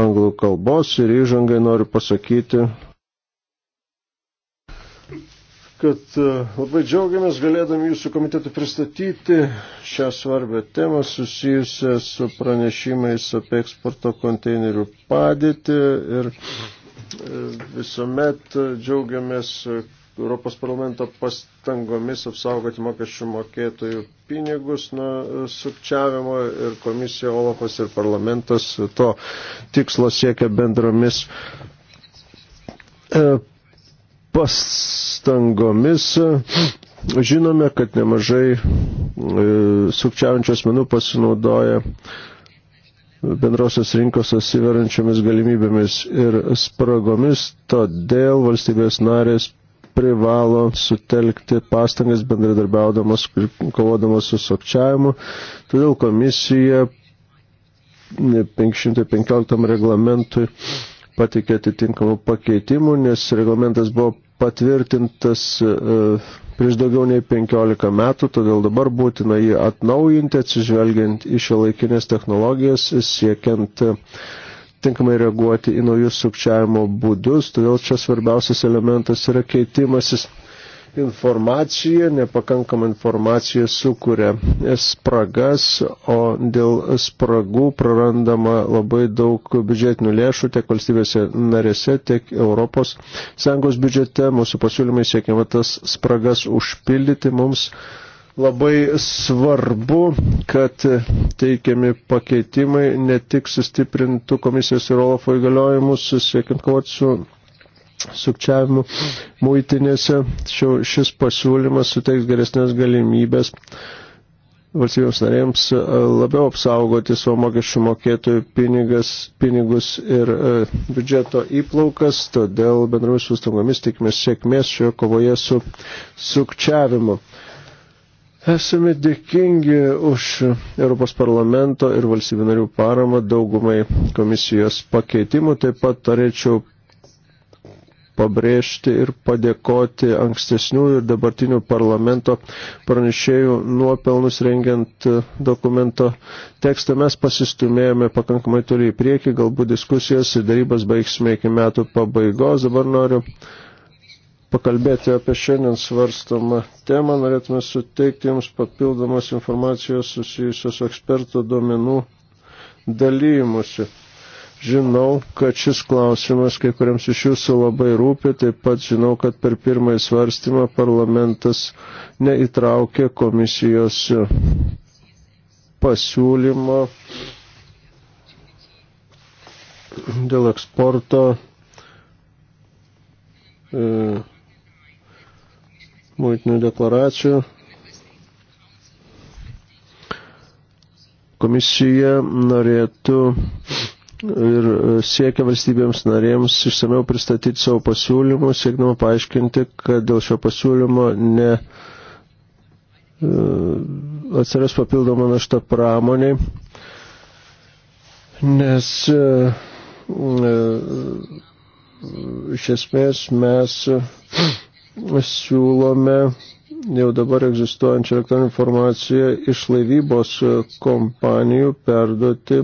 anglų kalbos ir įžangai noriu pasakyti, kad e, labai džiaugiamės galėdami jūsų komitetų pristatyti šią svarbę temą susijusią su pranešimais apie eksporto konteinerių padėtį ir e, visuomet džiaugiamės Europos parlamento pastangomis apsaugoti mokesčių mokėtojų pinigus nuo sukčiavimo ir komisija Olafas ir parlamentas to tikslo siekia bendromis e, pastangomis žinome, kad nemažai e, sukčiaujančių asmenų pasinaudoja bendrosios rinkos atsiverančiomis galimybėmis ir spragomis, todėl valstybės narės privalo sutelkti pastangas bendradarbiaudamas ir kovodamas su sukčiavimu. Todėl komisija 515 reglamentui pateikė atitinkamų pakeitimų, nes reglamentas buvo patvirtintas e, prieš daugiau nei 15 metų, todėl dabar būtina jį atnaujinti, atsižvelgiant į šio laikinės technologijas, siekiant e, tinkamai reaguoti į naujus sukčiavimo būdus, todėl čia svarbiausias elementas yra keitimasis informacija, nepakankama informacija sukuria spragas, o dėl spragų prarandama labai daug biudžetinių lėšų tiek valstybėse narėse, tiek Europos Sąjungos biudžete. Mūsų pasiūlymai siekiama tas spragas užpildyti mums. Labai svarbu, kad teikiami pakeitimai ne tik sustiprintų komisijos ir Olafo įgaliojimus, siekiant kovoti su sukčiavimu muitinėse, tačiau šis pasiūlymas suteiks geresnės galimybės valstybėms narėms e, labiau apsaugoti savo mokesčių mokėtojų pinigas, pinigus ir e, biudžeto įplaukas, todėl bendromis pastangomis tikimės sėkmės šioje kovoje su sukčiavimu. Esame dėkingi už Europos parlamento ir valstybių narių paramą daugumai komisijos pakeitimų. Taip pat norėčiau pabrėžti ir padėkoti ankstesnių ir dabartinių parlamento pranešėjų nuopelnus rengiant e, dokumento tekstą. Mes pasistumėjome pakankamai toli į priekį, galbūt diskusijas ir darybas baigsime iki metų pabaigos. Dabar noriu pakalbėti apie šiandien svarstamą temą. Norėtume suteikti Jums papildomas informacijos susijusios ekspertų duomenų dalymusi. Žinau, kad šis klausimas kai kuriams iš jūsų labai rūpi, taip pat žinau, kad per pirmąjį svarstymą parlamentas neįtraukė komisijos pasiūlymo dėl eksporto e, muitinių deklaracijų. Komisija norėtų ir e, siekia valstybėms narėms išsameu pristatyti savo pasiūlymus, siekdama paaiškinti, kad dėl šio pasiūlymo ne e, atsiras papildoma našta pramoniai, nes e, iš esmės mes siūlome jau dabar egzistuojančią elektroninę informaciją iš laivybos kompanijų perduoti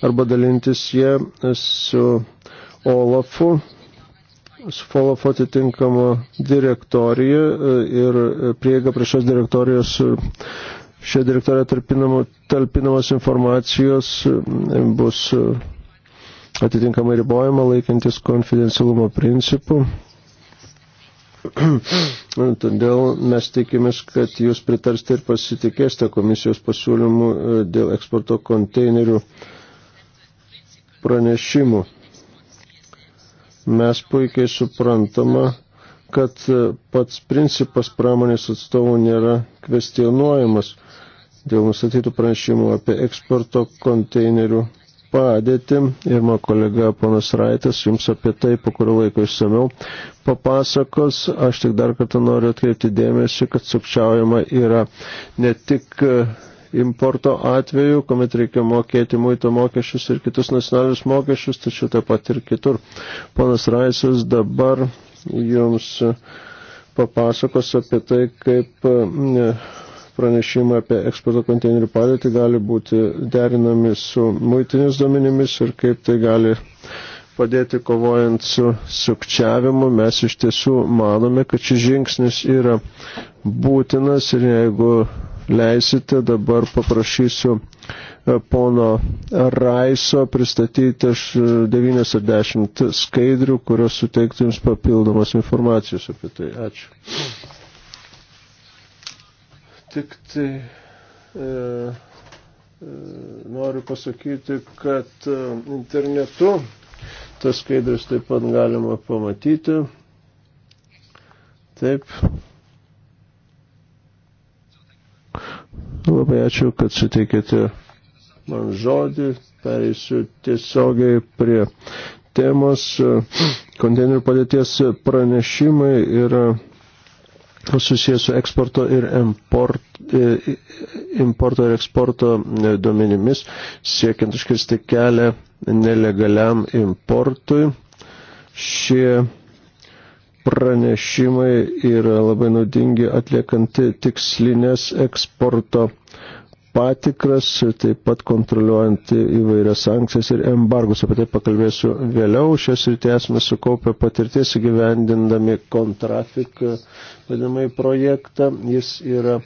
arba dalintis jie su Olafu, su Olafu atitinkamo direktoriją e, ir e, prieiga prie šios direktorijos e, šio direktorio talpinamos informacijos bus atitinkamai ribojama laikantis konfidencialumo principų. Todėl mes tikimės, kad jūs pritarsite ir pasitikėsite komisijos pasiūlymų dėl eksporto konteinerių uh, pranešimų. Mes puikiai suprantama, kad pats principas pramonės atstovų nėra kvestionuojamas dėl nustatytų pranešimų apie eksporto konteinerių padėtį ir mano kolega ponas Raitas jums apie tai po kurio laiko išsameu papasakos. Aš tik dar kartą noriu atkreipti dėmesį, kad sukčiaujama yra ne tik importo atveju, kuomet reikia mokėti muito mokesčius ir kitus nacionalinius mokesčius, tačiau taip pat ir kitur. Ponas Raisas dabar jums papasakos apie tai, kaip pranešimai apie eksporto konteinerių padėtį gali būti derinami su muitinės duomenimis ir kaip tai gali padėti kovojant su sukčiavimu. Mes iš tiesų manome, kad šis žingsnis yra būtinas ir jeigu leisite, dabar paprašysiu e, pono Raiso pristatyti 90 e, skaidrių, kurios suteiktų jums papildomas informacijos apie tai. Ačiū. Tik tai e, e, noriu pasakyti, kad e, internetu tas skaidrės taip pat galima pamatyti. Taip. Labai ačiū, kad suteikėte man žodį. Pereisiu tiesiogiai prie temos. Konteinerių padėties pranešimai yra susijęs su eksporto ir import, importo ir eksporto duomenimis, siekiant užkirsti kelią nelegaliam importui. Šie pranešimai yra labai naudingi atliekant tikslinės eksporto patikras, taip pat kontroliuojant įvairias sankcijas ir embargus. Apie tai pakalbėsiu vėliau. Šias rytį esame sukaupę patirties įgyvendindami kontrafik vadinamai projektą. Jis yra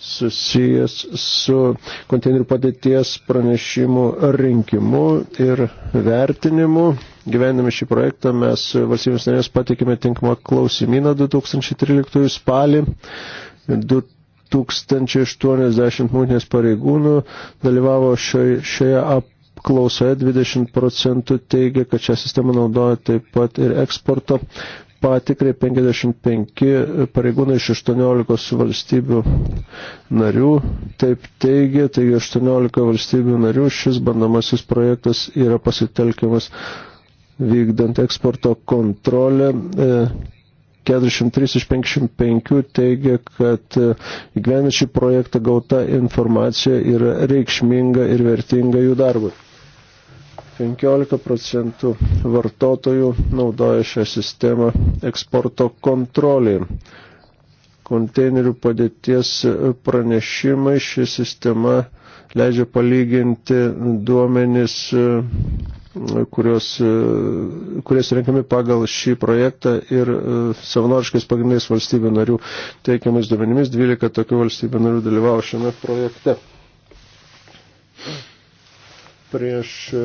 susijęs su konteinerių padėties pranešimų rinkimu ir vertinimu. Gyvenime šį projektą mes valstybės narės patikime tinkamą klausimyną 2013 spalį. 2080 mūtinės pareigūnų dalyvavo šioje, šioje apklausoje 20 procentų teigia, kad šią sistemą naudoja taip pat ir eksporto patikrai 55 pareigūnai iš 18 valstybių narių. Taip teigia, taigi 18 valstybių narių šis bandomasis projektas yra pasitelkiamas vykdant eksporto kontrolę. 43 e, iš 55 teigia, kad e, įgyvenant šį projektą gauta informacija yra reikšminga ir vertinga jų darbui. 15 procentų vartotojų naudoja šią sistemą eksporto kontroliai. Konteinerių padėties pranešimai ši sistema leidžia palyginti duomenis, kurios, kurias renkami pagal šį projektą ir e, savanoriškais pagrindais valstybių narių teikiamais duomenimis. 12 tokių valstybių narių dalyvavo šiame projekte. Prieš e,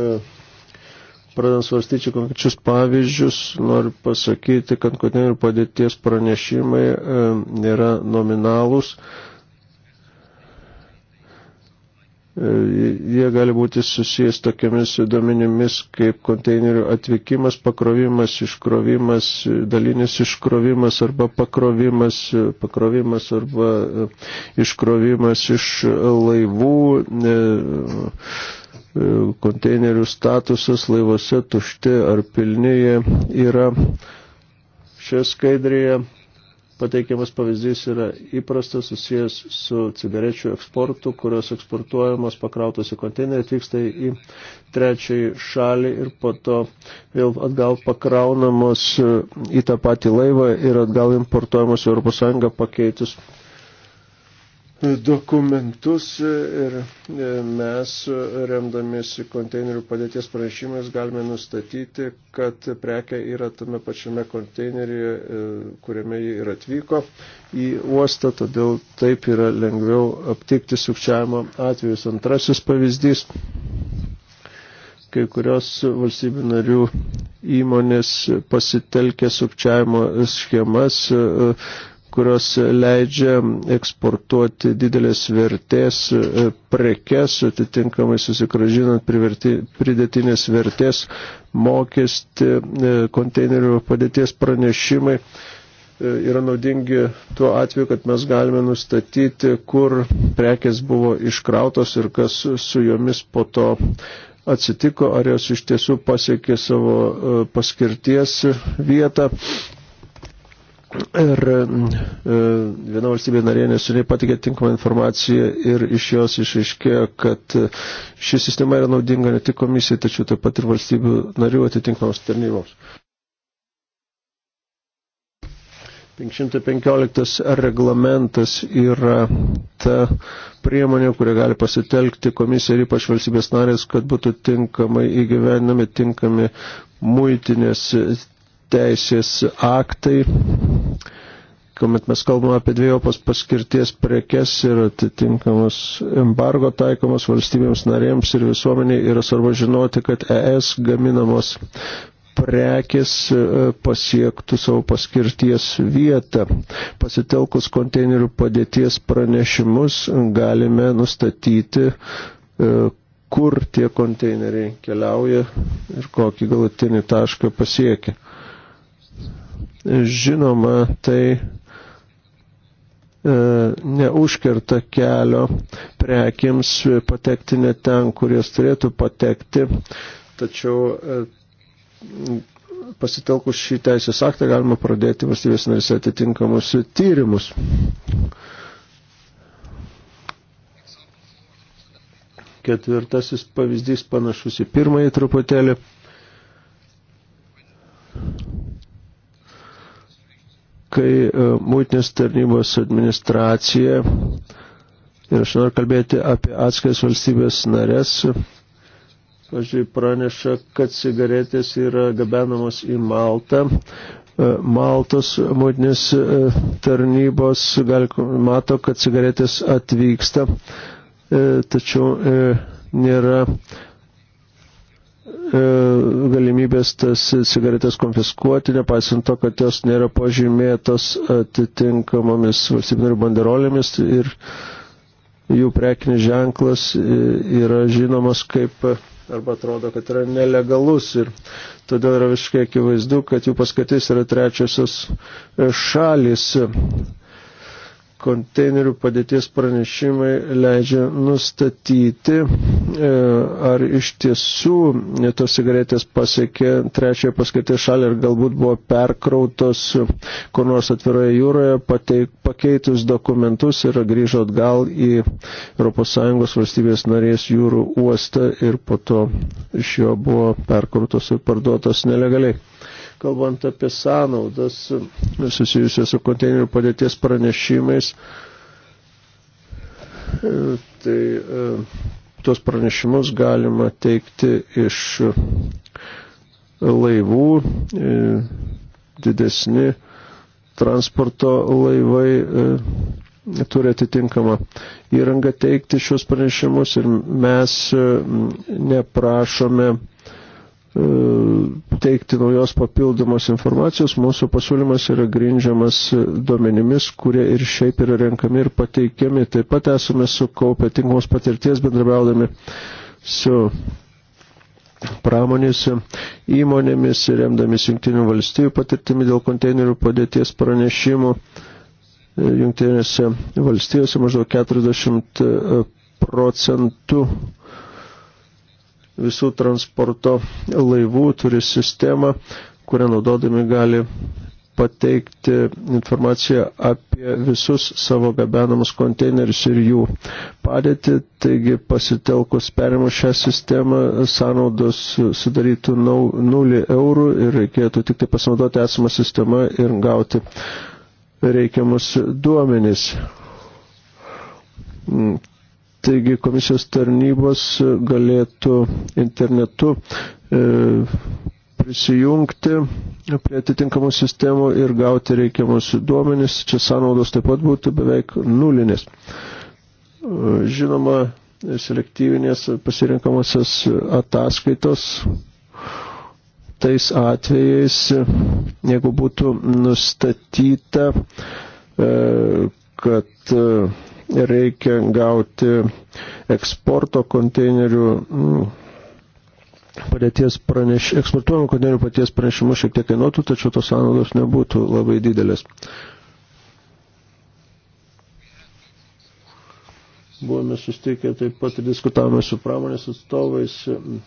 Pradant svarstyti konkrečius pavyzdžius, noriu pasakyti, kad konteinerių padėties pranešimai e, nėra nominalūs. E, jie gali būti susijęs tokiamis duomenimis kaip konteinerių atvykimas, pakrovimas, iškrovimas, dalinis iškrovimas arba pakrovimas, pakrovimas arba e, iškrovimas iš laivų. Ne, E, konteinerių statusas laivuose tušti ar pilnyje yra. Šioje skaidrėje pateikiamas pavyzdys yra įprastas susijęs su cigarečių eksportu, kurios eksportuojamos pakrautos į konteinerį, atvyksta į trečiąjį šalį ir po to vėl atgal pakraunamos į tą patį laivą ir atgal importuojamos į ES pakeitus dokumentus ir e, mes, remdamiesi konteinerių padėties pranešimais, galime nustatyti, kad prekia yra tame pačiame konteineryje, e, kuriame jį ir atvyko į uostą, todėl taip yra lengviau aptikti sukčiavimo atvejus. Antrasis pavyzdys, kai kurios valstybių narių įmonės pasitelkė sukčiavimo schemas, e, kurios leidžia eksportuoti didelės vertės e, prekes, atitinkamai susigražinant pridėtinės vertės mokestį, e, konteinerių padėties pranešimai e, yra naudingi tuo atveju, kad mes galime nustatyti, kur prekes buvo iškrautos ir kas su jomis po to atsitiko, ar jos iš tiesų pasiekė savo paskirties vietą Ir e, viena valstybė narė neseniai patikė tinkamą informaciją ir iš jos išaiškėjo, kad e, ši sistema yra naudinga ne tik komisijai, tačiau taip pat ir valstybių narių atitinkamoms tarnyboms. 515 reglamentas yra ta priemonė, kurią gali pasitelkti komisija ir ypač valstybės narės, kad būtų tinkamai įgyvenami tinkami muitinės teisės aktai kuomet mes kalbame apie dviejopos paskirties prekes ir atitinkamas embargo taikomas valstybėms narėms ir visuomeniai, yra svarbu žinoti, kad ES gaminamos prekis e, pasiektų savo paskirties vietą. Pasitelkus konteinerių padėties pranešimus galime nustatyti, e, kur tie konteineriai keliauja ir kokį galutinį tašką pasiekia. Žinoma, tai E, neužkerta kelio prekiams patekti ne ten, kur jos turėtų patekti. Tačiau e, pasitelkus šį teisės aktą galima pradėti valstybės narėse atitinkamus tyrimus. Ketvirtasis pavyzdys panašus į pirmąjį truputėlį kai e, mūtinės tarnybos administracija, ir aš noriu kalbėti apie atskiras valstybės narės, pažiūrėjau, praneša, kad cigaretės yra gabenamos į Maltą. E, Maltos mūtinės e, tarnybos gali, mato, kad cigaretės atvyksta, tačiau nėra E, galimybės tas cigaretės konfiskuoti, nepaisant to, kad jos nėra pažymėtos atitinkamomis valstybinarių banderolėmis ir jų prekinis ženklas yra žinomas kaip arba atrodo, kad yra nelegalus ir todėl yra visiškai akivaizdu, kad jų paskatis yra trečiosios šalis konteinerių padėties pranešimai leidžia nustatyti, e, ar iš tiesų tos cigaretės pasiekė trečioje paskaitės šalį ir galbūt buvo perkrautos kur nors atviroje jūroje, pateik, pakeitus dokumentus ir grįžo atgal į ES valstybės narės jūrų uostą ir po to iš jo buvo perkrautos ir parduotos nelegaliai kalbant apie sąnaudas susijusias su konteinerių padėties pranešimais. E, tai e, tuos pranešimus galima teikti iš laivų, e, didesni transporto laivai turi atitinkamą įrangą teikti šios pranešimus ir mes neprašome uh, E, teikti naujos papildomos informacijos. Mūsų pasiūlymas yra grindžiamas duomenimis, kurie ir šiaip yra renkami ir pateikiami. Taip pat esame sukaupę tinkamos patirties bendrabiaudami su pramonės įmonėmis ir remdamis Junktinių valstybių patirtimi dėl konteinerių padėties pranešimų. Junktinėse valstijose maždaug 40 procentų visų transporto laivų turi sistemą, kurią naudodami gali pateikti informaciją apie visus savo gabenamus konteinerius ir jų padėtį. Taigi pasitelkus perimus šią sistemą sąnaudos sudarytų 0 eurų ir reikėtų tik tai pasinaudoti esamą sistemą ir gauti reikiamus duomenys Taigi komisijos tarnybos galėtų internetu e, prisijungti prie atitinkamų sistemų ir gauti reikiamus duomenis. Čia sąnaudos taip pat būtų beveik nulinės. E, žinoma, selektyvinės pasirinkamosios ataskaitos tais atvejais, jeigu būtų nustatyta, e, kad reikia gauti eksporto konteinerių mm, padėties praneš, eksportuojamų konteinerių paties pranešimų šiek tiek kainuotų, tačiau tos sąnaudos nebūtų labai didelės. Buvome sustikę taip pat ir diskutavome su pramonės atstovais mm,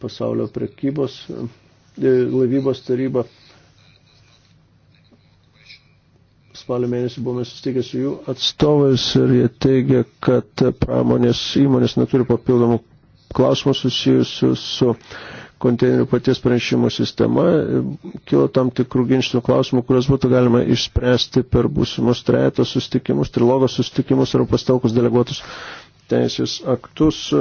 pasaulio prekybos e, laivybos taryba spalio mėnesį buvome susitikę su jų atstovais ir jie teigia, kad pramonės įmonės neturi papildomų klausimų susijusių su konteinerių paties pranešimo sistema. Kilo tam tikrų ginčinių klausimų, kurias būtų galima išspręsti per būsimus trejato susitikimus, trilogo susitikimus ar pastelkus deleguotus teisės aktus. E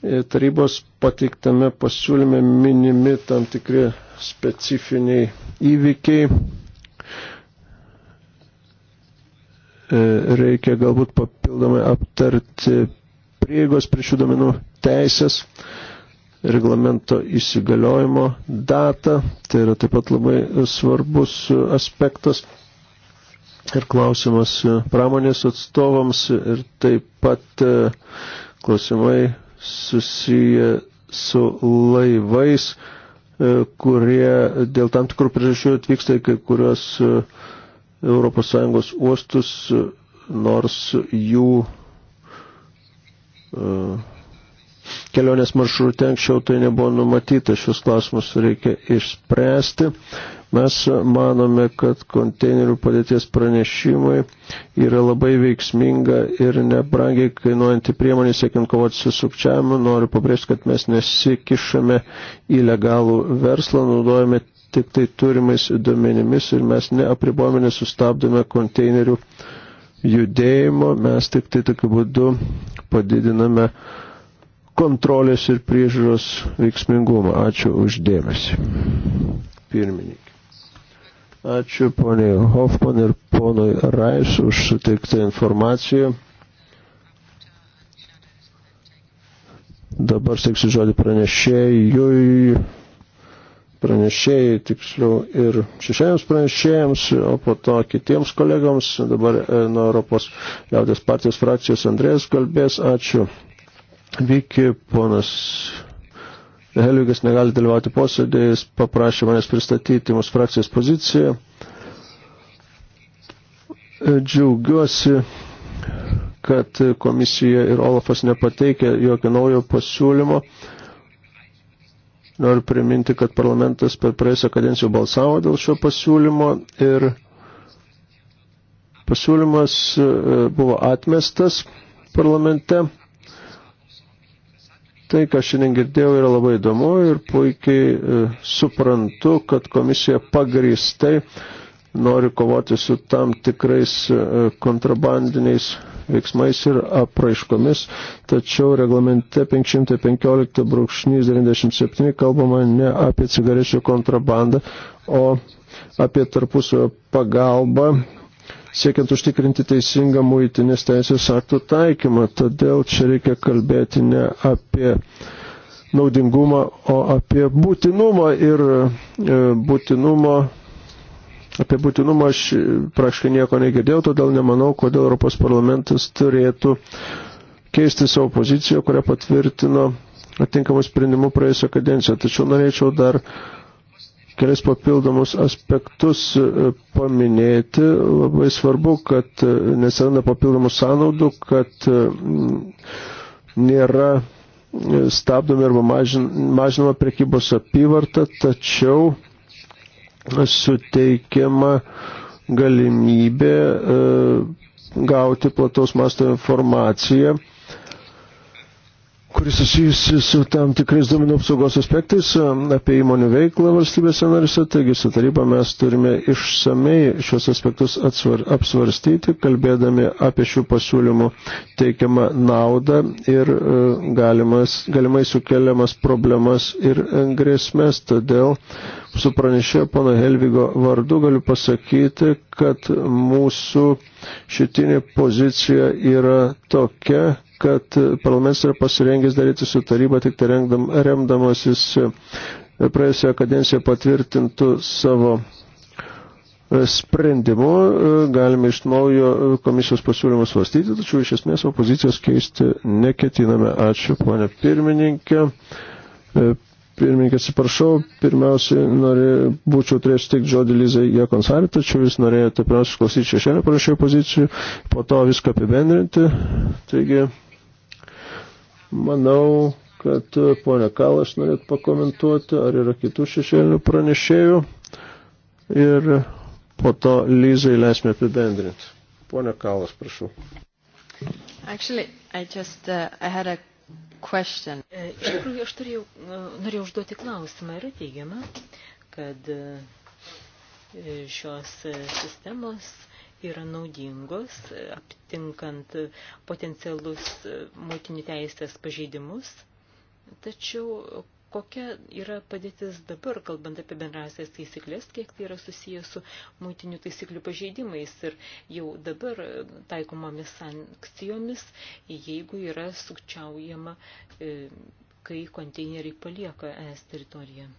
E, tarybos pateiktame pasiūlyme minimi tam tikri specifiniai įvykiai. E, reikia galbūt papildomai aptarti prieigos prie šių domenų teisės, reglamento įsigaliojimo datą. Tai yra taip pat labai svarbus aspektas ir klausimas pramonės atstovams ir taip pat e, klausimai susiję su laivais, e, kurie dėl tam tikrų priežasčių atvyksta į kai kurios ES uostus, e, nors jų e, kelionės maršrute anksčiau tai nebuvo numatyta. Šios klausimus reikia išspręsti. Mes manome, kad konteinerių padėties pranešimai yra labai veiksminga ir nebrangiai kainuojanti priemonė siekiant kovoti su sukčiavimu. Noriu pabrėžti, kad mes nesikišame į legalų verslą, naudojame tik tai turimais duomenimis ir mes neapribojame, nesustabdome konteinerių judėjimo, mes tik tai tokiu būdu padidiname kontrolės ir priežiūros veiksmingumą. Ačiū uždėmesi. Pirmininkė. Ačiū poniai Hoffman ir ponui Rais už suteiktą informaciją. Dabar sėksiu žodį pranešėjui, pranešėjai tiksliau ir šešėjams pranešėjams, o po to kitiems kolegams. Dabar e, nuo Europos liaudės partijos frakcijos Andrėjas kalbės. Ačiū. Viki, ponas Helvigas negali dalyvauti posėdėje, jis paprašė manęs pristatyti mūsų frakcijos poziciją. Džiaugiuosi, kad komisija ir Olafas nepateikė jokio naujo pasiūlymo. Noriu priminti, kad parlamentas per praėjusią kadenciją balsavo dėl šio pasiūlymo ir pasiūlymas e, buvo atmestas parlamente. Tai, ką šiandien girdėjau, yra labai įdomu ir puikiai e, suprantu, kad komisija pagristai nori kovoti su tam tikrais e, kontrabandiniais veiksmais ir apraiškomis, tačiau reglamente 515.97 kalbama ne apie cigarečių kontrabandą, o apie tarpusavio pagalbą siekiant užtikrinti teisingą muitinės teisės aktų taikymą. Todėl čia reikia kalbėti ne apie naudingumą, o apie būtinumą ir e, būtinumo. Apie būtinumą aš praškai nieko negirdėjau, todėl nemanau, kodėl Europos parlamentas turėtų keisti savo poziciją, kurią patvirtino atinkamų sprendimų praėjusią kadenciją. Tačiau norėčiau dar uh, kelis papildomus aspektus e, paminėti. Labai svarbu, kad e, nesiranda papildomų sąnaudų, kad e, nėra stabdomi arba mažin, mažinama prekybos apyvarta, tačiau suteikiama galimybė gauti plataus masto informaciją kuris susijusi su tam tikrais duomenų apsaugos aspektais apie įmonių veiklą valstybėse narise, taigi su taryba mes turime išsamei šios aspektus atsvar, apsvarstyti, kalbėdami apie šių pasiūlymų teikiamą naudą ir e, galimas, galimai sukeliamas problemas ir e, grėsmės. Todėl su pranešė pono Helvigo vardu galiu pasakyti, kad mūsų šitinė pozicija yra tokia, kad parlamentas yra pasirengęs daryti su taryba, tik tai rengdam, remdamasis e, praėjusioje kadencijoje patvirtintų savo e, sprendimu. E, galime iš naujo komisijos pasiūlymą svarstyti, tačiau iš esmės opozicijos keisti neketiname. Ačiū, ponė pirmininkė. Pirmininkė, atsiprašau, pirmiausia, norė, būčiau turėjęs tik žodį Lizai Jekonsarį, tačiau jūs norėjote pirmiausia klausyti šešėlio panašių pozicijų, po to viską apibendrinti. Taigi, Manau, kad e, ponia Kalas norėtų pakomentuoti, ar yra kitų šešėlinių pranešėjų. Ir po to Lyzai leisime apibendrinti. Ponia Kalas, prašau. Actually, I just, uh, I had a question. E, iš tikrųjų, aš turėjau, e, norėjau užduoti klausimą. Yra teigiama, kad šios sistemos yra naudingos, aptinkant potencialus motinių teisės pažeidimus. Tačiau kokia yra padėtis dabar, kalbant apie bendrasias taisyklės, kiek tai yra susijęs su mūtinių taisyklių pažeidimais ir jau dabar taikomomis sankcijomis, jeigu yra sukčiaujama, e, kai konteineriai palieka ES teritoriją.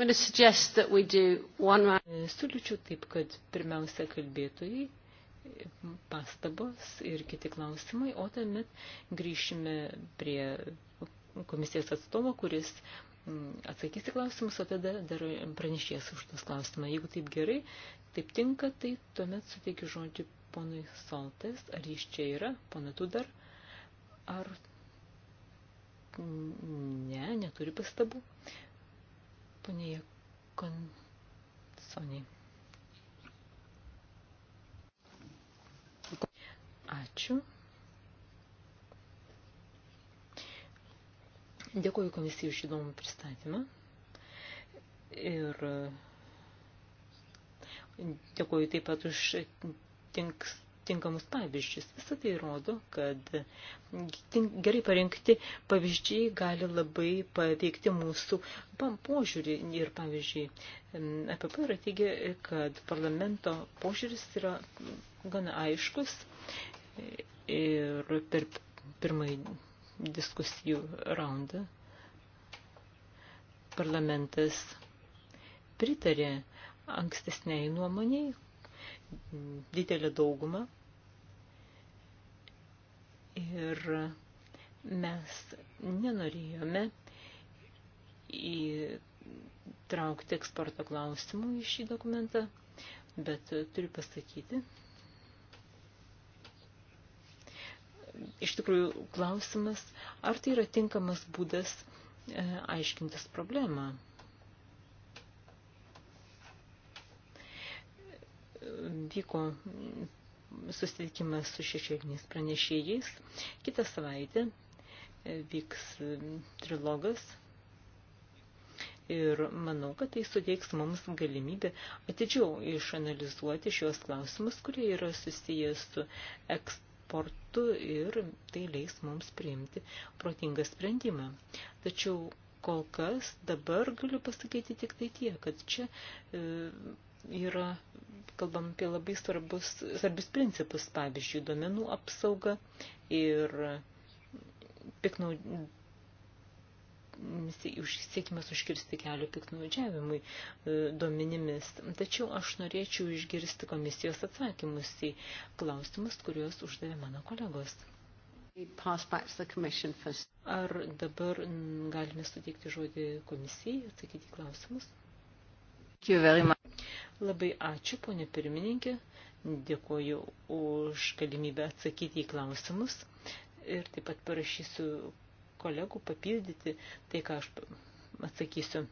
E, siūlyčiau taip, kad pirmiausia kalbėtojai e, pastabos ir kiti klausimai, o tuomet grįšime prie komisijos atstovo, kuris atsakys į klausimus, o tada dar pranešės už tas klausimą. Jeigu taip gerai, taip tinka, tai tuomet suteikiu žodžiu ponui Soltes, ar jis čia yra, pona Tudar, ar ne, neturi pastabų. Pane Konsonė. Ačiū. Dėkuoju komisijai už įdomų pristatymą ir dėkuoju taip pat už tinks, tinkamus pavyzdžius. Visą tai rodo, kad gerai parinkti pavyzdžiai gali labai paveikti mūsų požiūrį. Ir pavyzdžiui, EPP yra teigia, kad parlamento požiūris yra gana aiškus ir per pirmąjį diskusijų raundą parlamentas pritarė ankstesniai nuomoniai, didelė dauguma ir mes nenorėjome įtraukti eksporto klausimų į šį dokumentą, bet turiu pasakyti, iš tikrųjų klausimas, ar tai yra tinkamas būdas e, aiškintis problemą. vyko susitikimas su šešėliniais pranešėjais. Kitą savaitę e, vyks e, trilogas ir manau, kad tai suteiks mums galimybę atidžiau išanalizuoti šios klausimus, kurie yra susijęs su eksportu ir tai leis mums priimti protingą sprendimą. Tačiau kol kas dabar galiu pasakyti tik tai tie, kad čia e, yra kalbam apie labai svarbus, svarbius principus, pavyzdžiui, duomenų apsauga ir piknau, siekimas užkirsti kelių piknaudžiavimui e, duomenimis. Tačiau aš norėčiau išgirsti komisijos atsakymus į klausimus, kuriuos uždavė mano kolegos. Ar dabar galime suteikti žodį komisijai, atsakyti klausimus? Labai ačiū, ponė pirmininkė. Dėkoju už galimybę atsakyti į klausimus ir taip pat parašysiu kolegų papildyti tai, ką aš atsakysiu.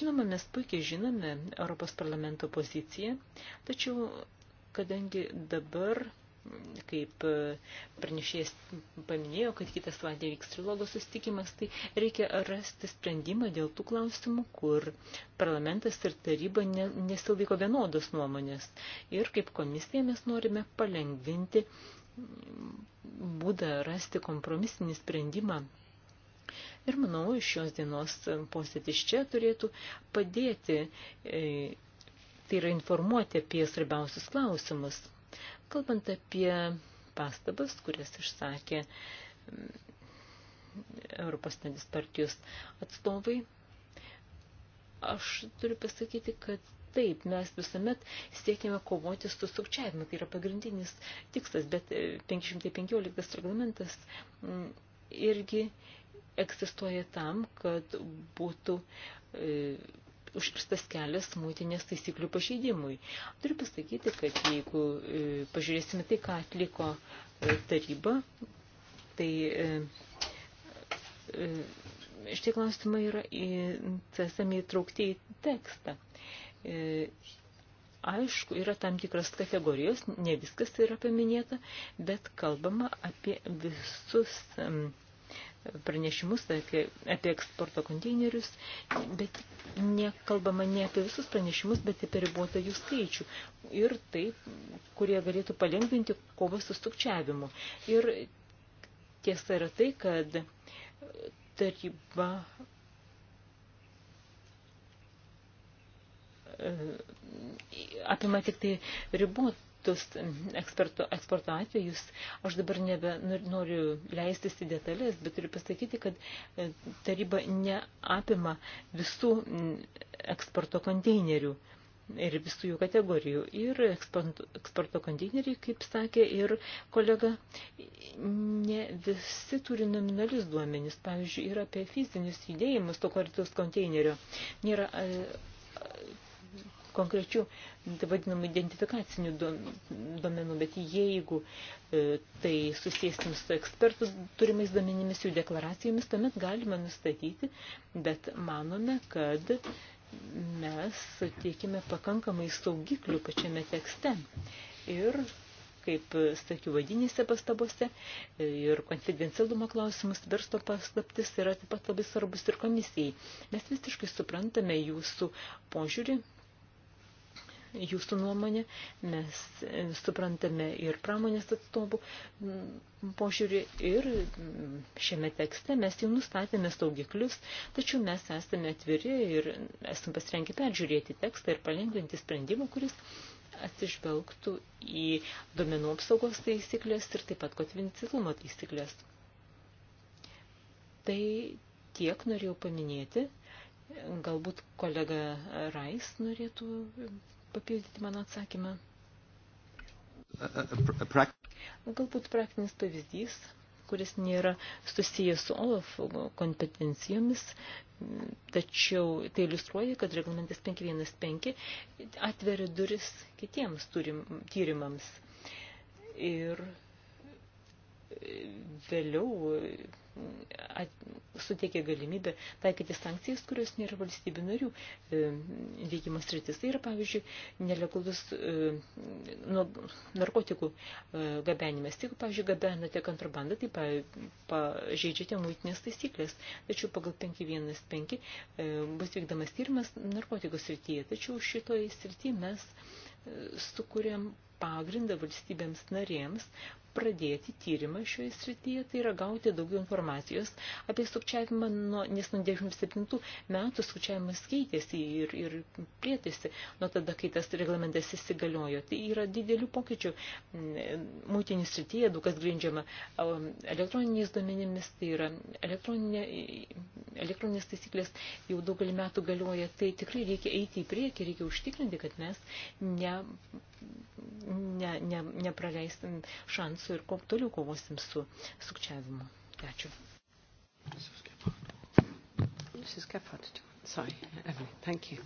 Žinoma, mes puikiai žinome Europos parlamento poziciją, tačiau kadangi dabar kaip e, pranešėjas paminėjo, kad kitas vadė vyks trilogo sustikimas, tai reikia rasti sprendimą dėl tų klausimų, kur parlamentas ir taryba nesilaiko vienodos nuomonės. Ir kaip komisija mes norime palengvinti būdą rasti kompromisinį sprendimą Ir manau, šios dienos posėdis čia turėtų padėti, e, tai yra informuoti apie svarbiausius klausimus. Kalbant apie pastabas, kurias išsakė mm, Europos Nedis partijos atstovai, aš turiu pasakyti, kad taip, mes visuomet siekime kovoti su sukčiavimu, tai yra pagrindinis tikslas, bet 515 e, reglamentas mm, irgi egzistuoja tam, kad būtų e, užkirstas kelias muitinės taisyklių pažeidimui. Turiu pasakyti, kad jeigu e, pažiūrėsime tai, ką atliko e, taryba, tai e, šitie klausimai yra esami įtraukti į tekstą. Aišku, yra tam tikras kategorijos, ne viskas tai yra paminėta, bet kalbama apie visus um, pranešimus apie, apie eksporto konteinerius, bet nekalbama ne apie visus pranešimus, bet apie ribotą jų skaičių ir taip, kurie galėtų palengvinti kovą su stukčiavimu. Ir tiesa yra tai, kad taryba e, apima tik tai ribotą tos eksperto, eksporto atvejus. Aš dabar nebe nu, noriu leistis į detalės, bet turiu pasakyti, kad e, taryba neapima visų eksporto konteinerių ir visų jų kategorijų. Ir eksporto konteineriai, kaip sakė ir kolega, ne visi turi nominalius duomenis. Pavyzdžiui, yra apie fizinius judėjimus to koritos konteinerio. Nėra e, konkrečių, tai vadinamų, identifikacinių duomenų, bet jeigu e, tai susėstim su ekspertų turimais duomenimis, jų deklaracijomis, tuomet galima nustatyti, bet manome, kad mes tiekime pakankamai saugiklių pačiame tekste. Ir kaip sakiau vadinėse pastabose, e, ir konfidencialumo klausimus versto paslaptis yra taip pat labai svarbus ir komisijai. Mes visiškai suprantame jūsų požiūrį, jūsų nuomonė, mes suprantame ir pramonės atstovų požiūrį ir šiame tekste mes jau nustatėme saugiklius, tačiau mes esame atviri ir esame pasirenkę peržiūrėti tekstą ir palengvinti sprendimą, kuris atsižvelgtų į domenų apsaugos taisyklės ir taip pat konfidencialumo taisyklės. Tai tiek norėjau paminėti. Galbūt kolega Rais norėtų papildyti mano atsakymą. Galbūt praktinis pavyzdys, kuris nėra susijęs su OLAF kompetencijomis, tačiau tai iliustruoja, kad reglamentas 515 atveria duris kitiems turim, tyrimams. Ir vėliau suteikia galimybę taikyti sankcijas, kurios nėra valstybių narių e, veikimas rytis. Tai yra, pavyzdžiui, nelegalus e, nu, narkotikų e, gabenimas. Jeigu, pavyzdžiui, gabenate kontrabandą, tai pažeidžiate muitinės taisyklės. Tačiau pagal 515 bus vykdamas tyrimas narkotikų srityje. Tačiau šitoje srityje mes sukūrėm pagrindą valstybėms narėms pradėti tyrimą šioje srityje, tai yra gauti daugiau informacijos apie sukčiavimą, nuo, nes nuo 97 metų sukčiavimas keitėsi ir, ir plėtėsi nuo tada, kai tas reglamentas įsigaliojo. Tai yra didelių pokyčių mūtinių srityje, daug kas grindžiama elektroniniais duomenimis, tai yra elektroninė, elektroninės taisyklės jau daugelį metų galioja, tai tikrai reikia eiti į priekį, reikia užtikrinti, kad mes ne, ne, ne, nepraleisim šansų finansų ir toliau kovosim su sukčiavimu. Tai ačiū. Mrs. Gephardt. Sorry, Emily. Thank you.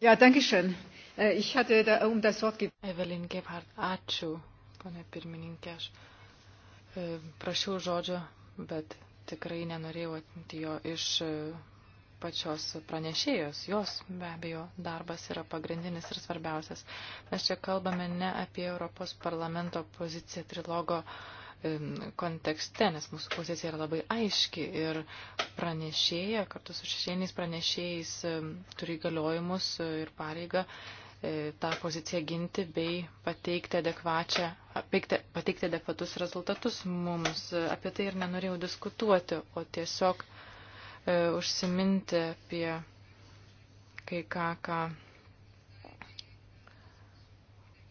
Ja, danke schön. Äh, ich hatte da um das Wort gebeten. Evelyn Gebhardt, ačiū, ponė pirmininkė. Aš e, prašiau žodžio, bet tikrai nenorėjau atimti jo iš e, pačios pranešėjos, jos be abejo darbas yra pagrindinis ir svarbiausias. Mes čia kalbame ne apie Europos parlamento poziciją trilogo kontekste, nes mūsų pozicija yra labai aiški ir pranešėja, kartu su šešėniais pranešėjais turi galiojimus e, ir pareigą e, tą poziciją ginti bei pateikti, pateikti, pateikti adekvatus rezultatus mums. Apie tai ir nenorėjau diskutuoti, o tiesiog E, užsiminti apie kai ką, ką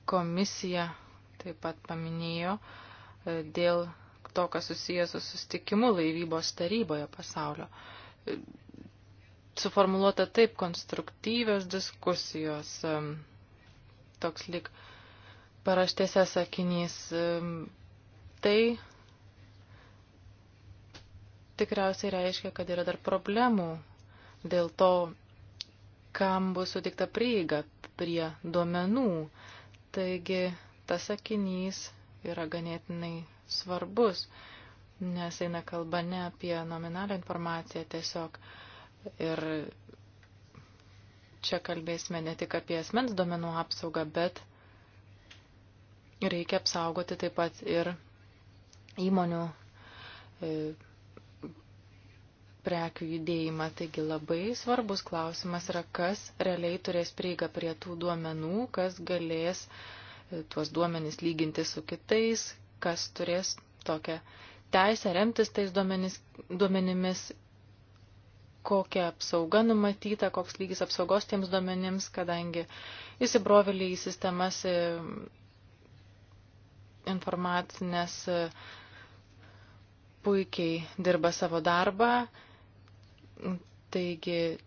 komisija taip pat paminėjo e, dėl to, kas susijęs su sustikimu laivybos taryboje pasaulio. E, Suformuluota taip konstruktyvios diskusijos, toks lik paraštėse sakinys. Tai tikriausiai reiškia, kad yra dar problemų dėl to, kam bus sutikta prieiga prie duomenų. Taigi tas sakinys yra ganėtinai svarbus, nes eina kalba ne apie nominalią informaciją tiesiog. Ir čia kalbėsime ne tik apie asmens duomenų apsaugą, bet reikia apsaugoti taip pat ir įmonių e, prekių judėjimą. Taigi labai svarbus klausimas yra, kas realiai turės prieigą prie tų duomenų, kas galės e, tuos duomenys lyginti su kitais, kas turės tokią teisę remtis tais duomenis, duomenimis, kokia apsauga numatyta, koks lygis apsaugos tiems duomenims, kadangi įsibrovėliai į sistemas e, informacinės e, puikiai dirba savo darbą Taigi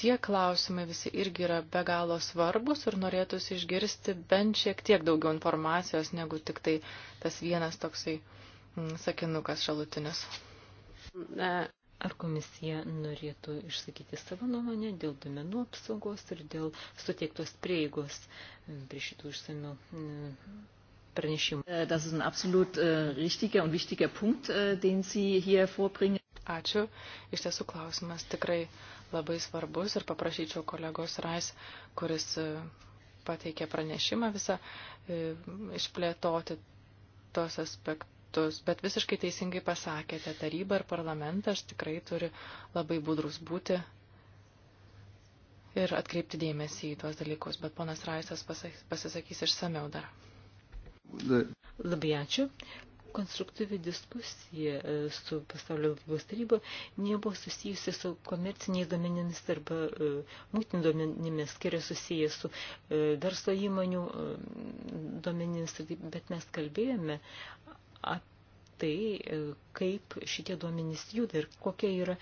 tie klausimai visi irgi yra be galo svarbus ir norėtųsi išgirsti bent šiek tiek daugiau informacijos negu tik tai tas vienas toksai mm, sakinukas šalutinis. Ar komisija norėtų išsakyti savo nuomonę dėl duomenų apsaugos ir dėl suteiktos prieigos mm, prie šitų išsamių mm, pranešimų? Äh, das ist ein absolut äh, richtiger und wichtiger Punkt, äh, den Sie hier vorbringen. Ačiū. Iš tiesų klausimas tikrai labai svarbus ir paprašyčiau kolegos Rais, kuris e, pateikė pranešimą visą, e, išplėtoti tos aspektus. Bet visiškai teisingai pasakėte, taryba ir parlamentas tikrai turi labai budrus būti ir atkreipti dėmesį į tuos dalykus. Bet ponas Raisas pasisakys išsameu dar. Labai ačiū konstruktyvi diskusija e, su pasaulio laivybos taryba nebuvo susijusi su komerciniais duomenimis arba e, mūtinių duomenimis, kai yra susiję su e, verslo įmonių duomenimis, bet mes kalbėjome apie tai, kaip šitie duomenys juda ir kokia yra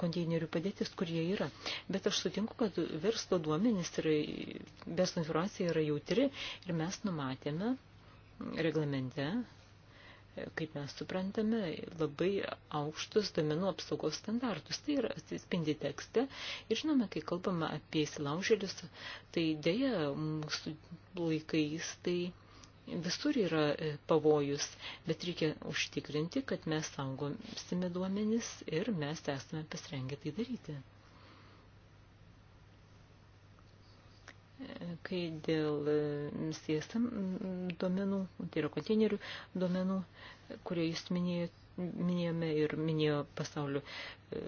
konteinerių padėtis, kur jie yra. Bet aš sutinku, kad verslo duomenys yra, verslo informacija yra jautri ir mes numatėme reglamente kaip mes suprantame, labai aukštus domenų apsaugos standartus. Tai yra tai atsispindi tekste. Ir žinome, kai kalbame apie įsilaužėlius, tai dėja mūsų laikais tai visur yra e, pavojus, bet reikia užtikrinti, kad mes saugosime duomenis ir mes esame pasirengę tai daryti. kai dėl CSM e, mm, duomenų, tai yra konteinerių duomenų, kurie jūs minėjote, minėjome ir minėjo pasaulio e,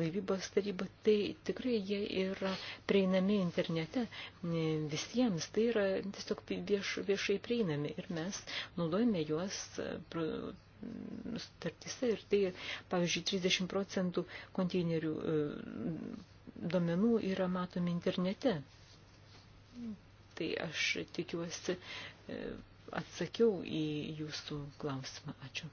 laivybos taryba, tai tikrai jie yra prieinami internete visiems, tai yra tiesiog vieš, viešai prieinami ir mes naudojame juos e, sutartise ir tai, pavyzdžiui, 30 procentų konteinerių domenų yra matomi internete. Tai aš tikiuosi e, atsakiau į jūsų klausimą. Ačiū.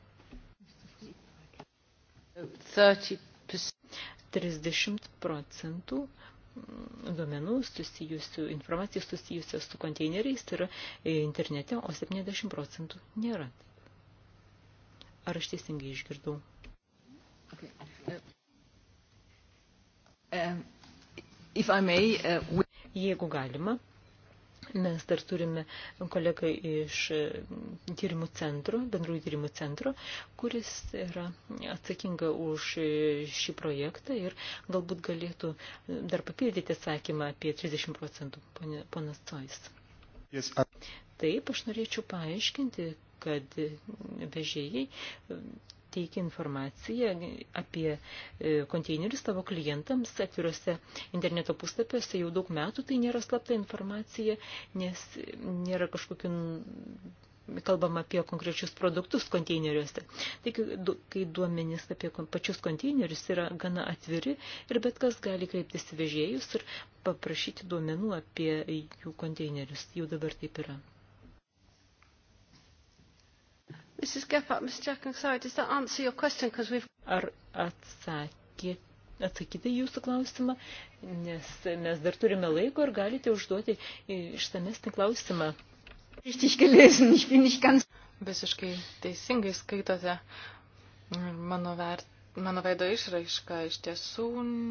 30 procentų mm, duomenų susijusių, informacija susijusia su konteineriais yra internete, o 70 procentų nėra. Ar aš teisingai išgirdau? Okay. Uh, um, may, uh, we... Jeigu galima, Mes dar turime kolegą iš e, tyrimų centro, bendrųjų tyrimų centro, kuris yra atsakinga už e, šį projektą ir galbūt galėtų e, dar papildyti atsakymą apie 30 procentų, ponas Cois. Yes, Taip, aš norėčiau paaiškinti, kad vežėjai teikia informaciją apie e, konteinerius savo klientams atvirose interneto puslapiuose jau daug metų, tai nėra slapta informacija, nes nėra kažkokių kalbam apie konkrečius produktus konteineriuose. Taigi, kai duomenys apie pačius konteinerius yra gana atviri ir bet kas gali kreiptis į vežėjus ir paprašyti duomenų apie jų konteinerius. Jau dabar taip yra. Ar atsakė, atsakyti jūsų klausimą, nes mes dar turime laiko ir galite užduoti išsamesnį klausimą. Visiškai teisingai skaitote mano, ver, mano veido išraišką. Iš tiesų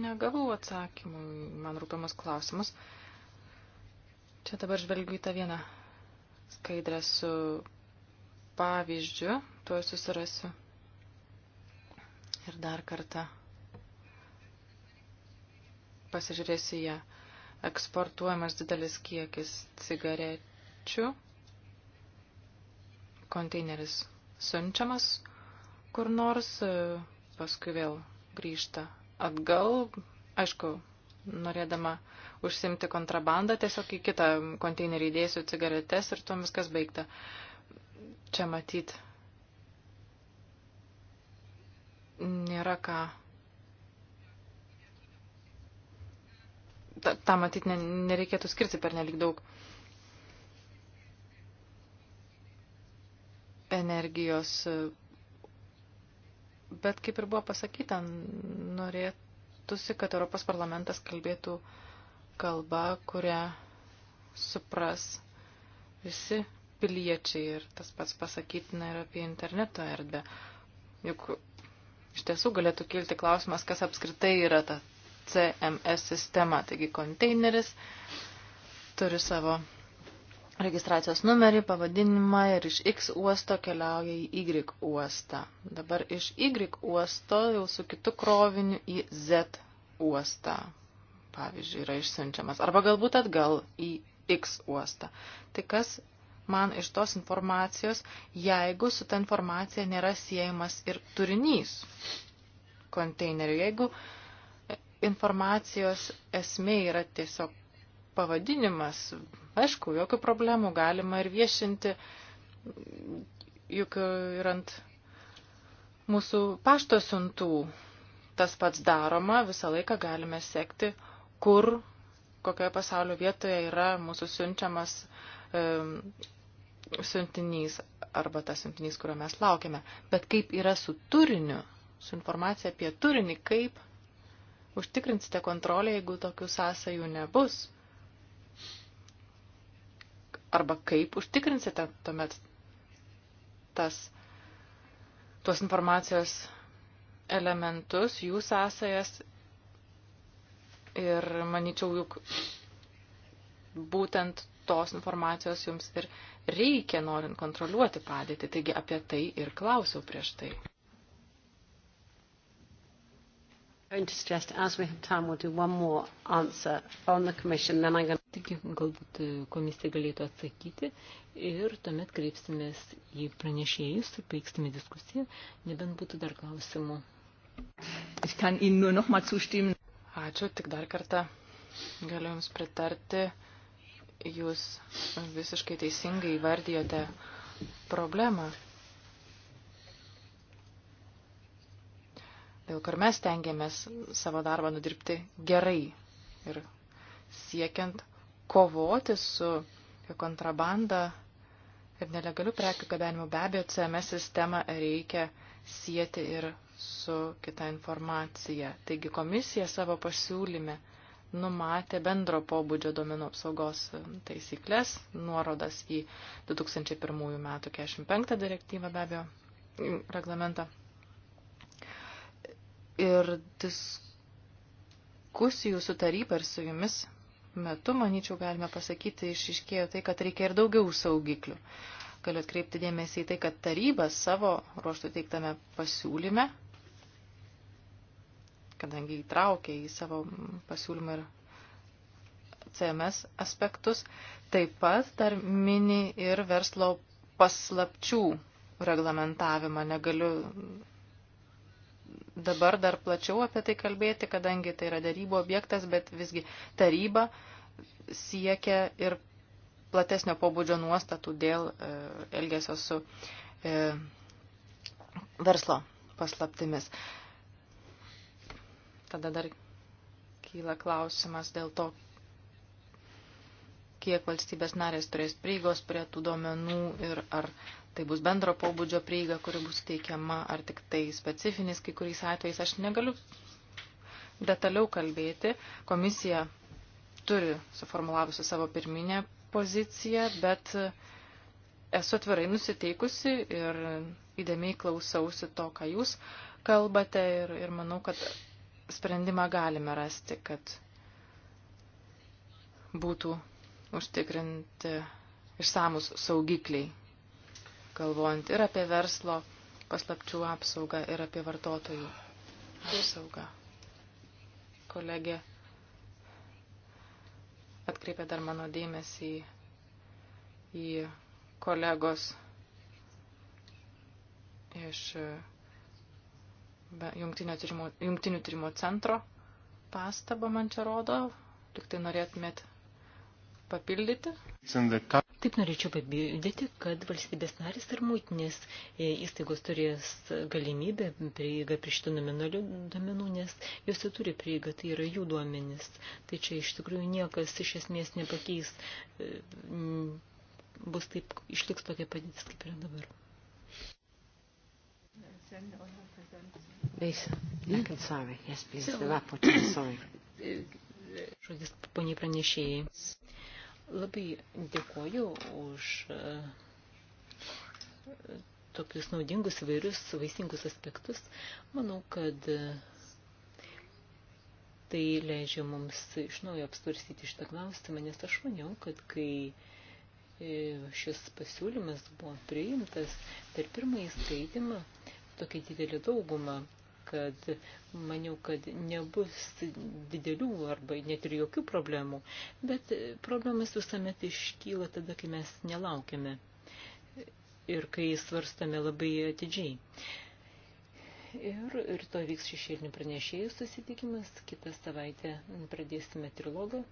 negavau atsakymų į man rūpiamus klausimus. Čia dabar žvelgiu į tą vieną skaidrę su pavyzdžių, tuoj susirasiu. Ir dar kartą pasižiūrėsiu ją. Eksportuojamas didelis kiekis cigarečių, konteineris siunčiamas kur nors, paskui vėl grįžta atgal, aišku, norėdama užsimti kontrabandą, tiesiog į kitą konteinerį įdėsiu cigaretes ir tuom viskas baigta. Uh, Čia matyt nėra ką. Ta, ta matyt nereikėtų skirti per nelik daug energijos. Bet kaip ir buvo pasakyta, norėtųsi, kad Europos parlamentas kalbėtų kalba, kurią supras visi piliečiai ir tas pats pasakytina ir apie interneto erdvę. Juk iš tiesų galėtų kilti klausimas, kas apskritai yra ta CMS sistema. Taigi konteineris turi savo registracijos numerį, pavadinimą ir iš X uosto keliauja į Y uostą. Dabar iš Y uosto jau su kitu kroviniu į Z uostą. Pavyzdžiui, yra išsiunčiamas. Arba galbūt atgal į X uostą. Tai kas man iš tos informacijos, jeigu su ta informacija nėra siejamas ir turinys konteinerių. Jeigu informacijos esmė yra tiesiog pavadinimas, aišku, jokių problemų galima ir viešinti, juk ir ant mūsų pašto siuntų tas pats daroma, visą laiką galime sekti, kur, kokioje pasaulio vietoje yra mūsų siunčiamas siuntinys arba tas siuntinys, kurio mes laukiame, bet kaip yra su turiniu, su informacija apie turinį, kaip užtikrinsite kontrolę, jeigu tokių sąsajų nebus. Arba kaip užtikrinsite tuomet tas, tuos informacijos elementus, jų sąsajas ir manyčiau, juk būtent tos informacijos jums ir reikia, norint kontroliuoti padėtį. Taigi apie tai ir klausiau prieš tai. Taigi galbūt e, komisija galėtų atsakyti ir tuomet kreipsimės į pranešėjus ir paiksime diskusiją, nebent būtų dar klausimų. Ačiū, tik dar kartą galiu Jums pritarti jūs visiškai teisingai įvardijote problemą, dėl kur mes tengiamės savo darbą nudirbti gerai ir siekiant kovoti su kontrabanda ir nelegalių prekių gabenimu. Be abejo, CMS sistemą reikia sieti ir su kita informacija. Taigi komisija savo pasiūlyme numatė bendro pobūdžio domenų apsaugos taisyklės, nuorodas į 2001 metų 45 direktyvą be abejo, reglamentą. Ir diskusijų su taryba ir su jumis metu, manyčiau, galime pasakyti, išiškėjo tai, kad reikia ir daugiau saugiklių. Galiu atkreipti dėmesį į tai, kad taryba savo ruoštų teiktame pasiūlyme kadangi įtraukė į savo pasiūlymą ir CMS aspektus, taip pat dar mini ir verslo paslapčių reglamentavimą. Negaliu dabar dar plačiau apie tai kalbėti, kadangi tai yra darybo objektas, bet visgi taryba siekia ir platesnio pobūdžio nuostatų dėl e, elgesio su e, verslo paslaptimis. E, Tada dar kyla klausimas dėl to, kiek valstybės narės turės prieigos prie tų duomenų ir ar tai bus bendro pobūdžio prieiga, kuri bus teikiama, ar tik tai specifinis kai kuriais atvejais. Aš negaliu detaliau kalbėti. Komisija turi suformulavusi savo pirminę poziciją, bet esu atvirai nusiteikusi ir įdėmiai klausausi to, ką jūs kalbate ir, ir manau, kad sprendimą galime rasti, kad būtų užtikrinti išsamus saugikliai, galvojant ir apie verslo paslapčių apsaugą, ir apie vartotojų apsaugą. Kolegė atkreipė dar mano dėmesį į kolegos iš tyrimo, jungtinių tyrimo centro pastabą man čia rodo, tik tai norėtumėt papildyti. Taip norėčiau papildyti, kad valstybės narys ir mūtinės e, įstaigos turės galimybę prieigą prie šitų nominalių domenų, nes jos jau turi prieigą, tai yra jų duomenis. Tai čia iš tikrųjų niekas iš esmės nepakeis, e, bus taip, išliks tokia padėtis kaip yra dabar. Send on her present. Beisa. Hmm? Sorry. Yes, please. The rapporteur. Sorry. Žodis poniai pranešėjai. Labai dėkoju už e, tokius naudingus įvairius vaisingus aspektus. Manau, kad e, tai leidžia mums iš naujo apsvarstyti šitą klausimą, nes aš maniau, kad kai e, šis pasiūlymas buvo priimtas per pirmąjį skaitimą, tokia didelė dauguma kad maniau, kad nebus didelių arba net ir jokių problemų, bet problemas visuomet iškyla tada, kai mes nelaukiame ir kai svarstame labai atidžiai. Ir rytoj vyks šešėlinių pranešėjų susitikimas, kitą savaitę pradėsime trilogą.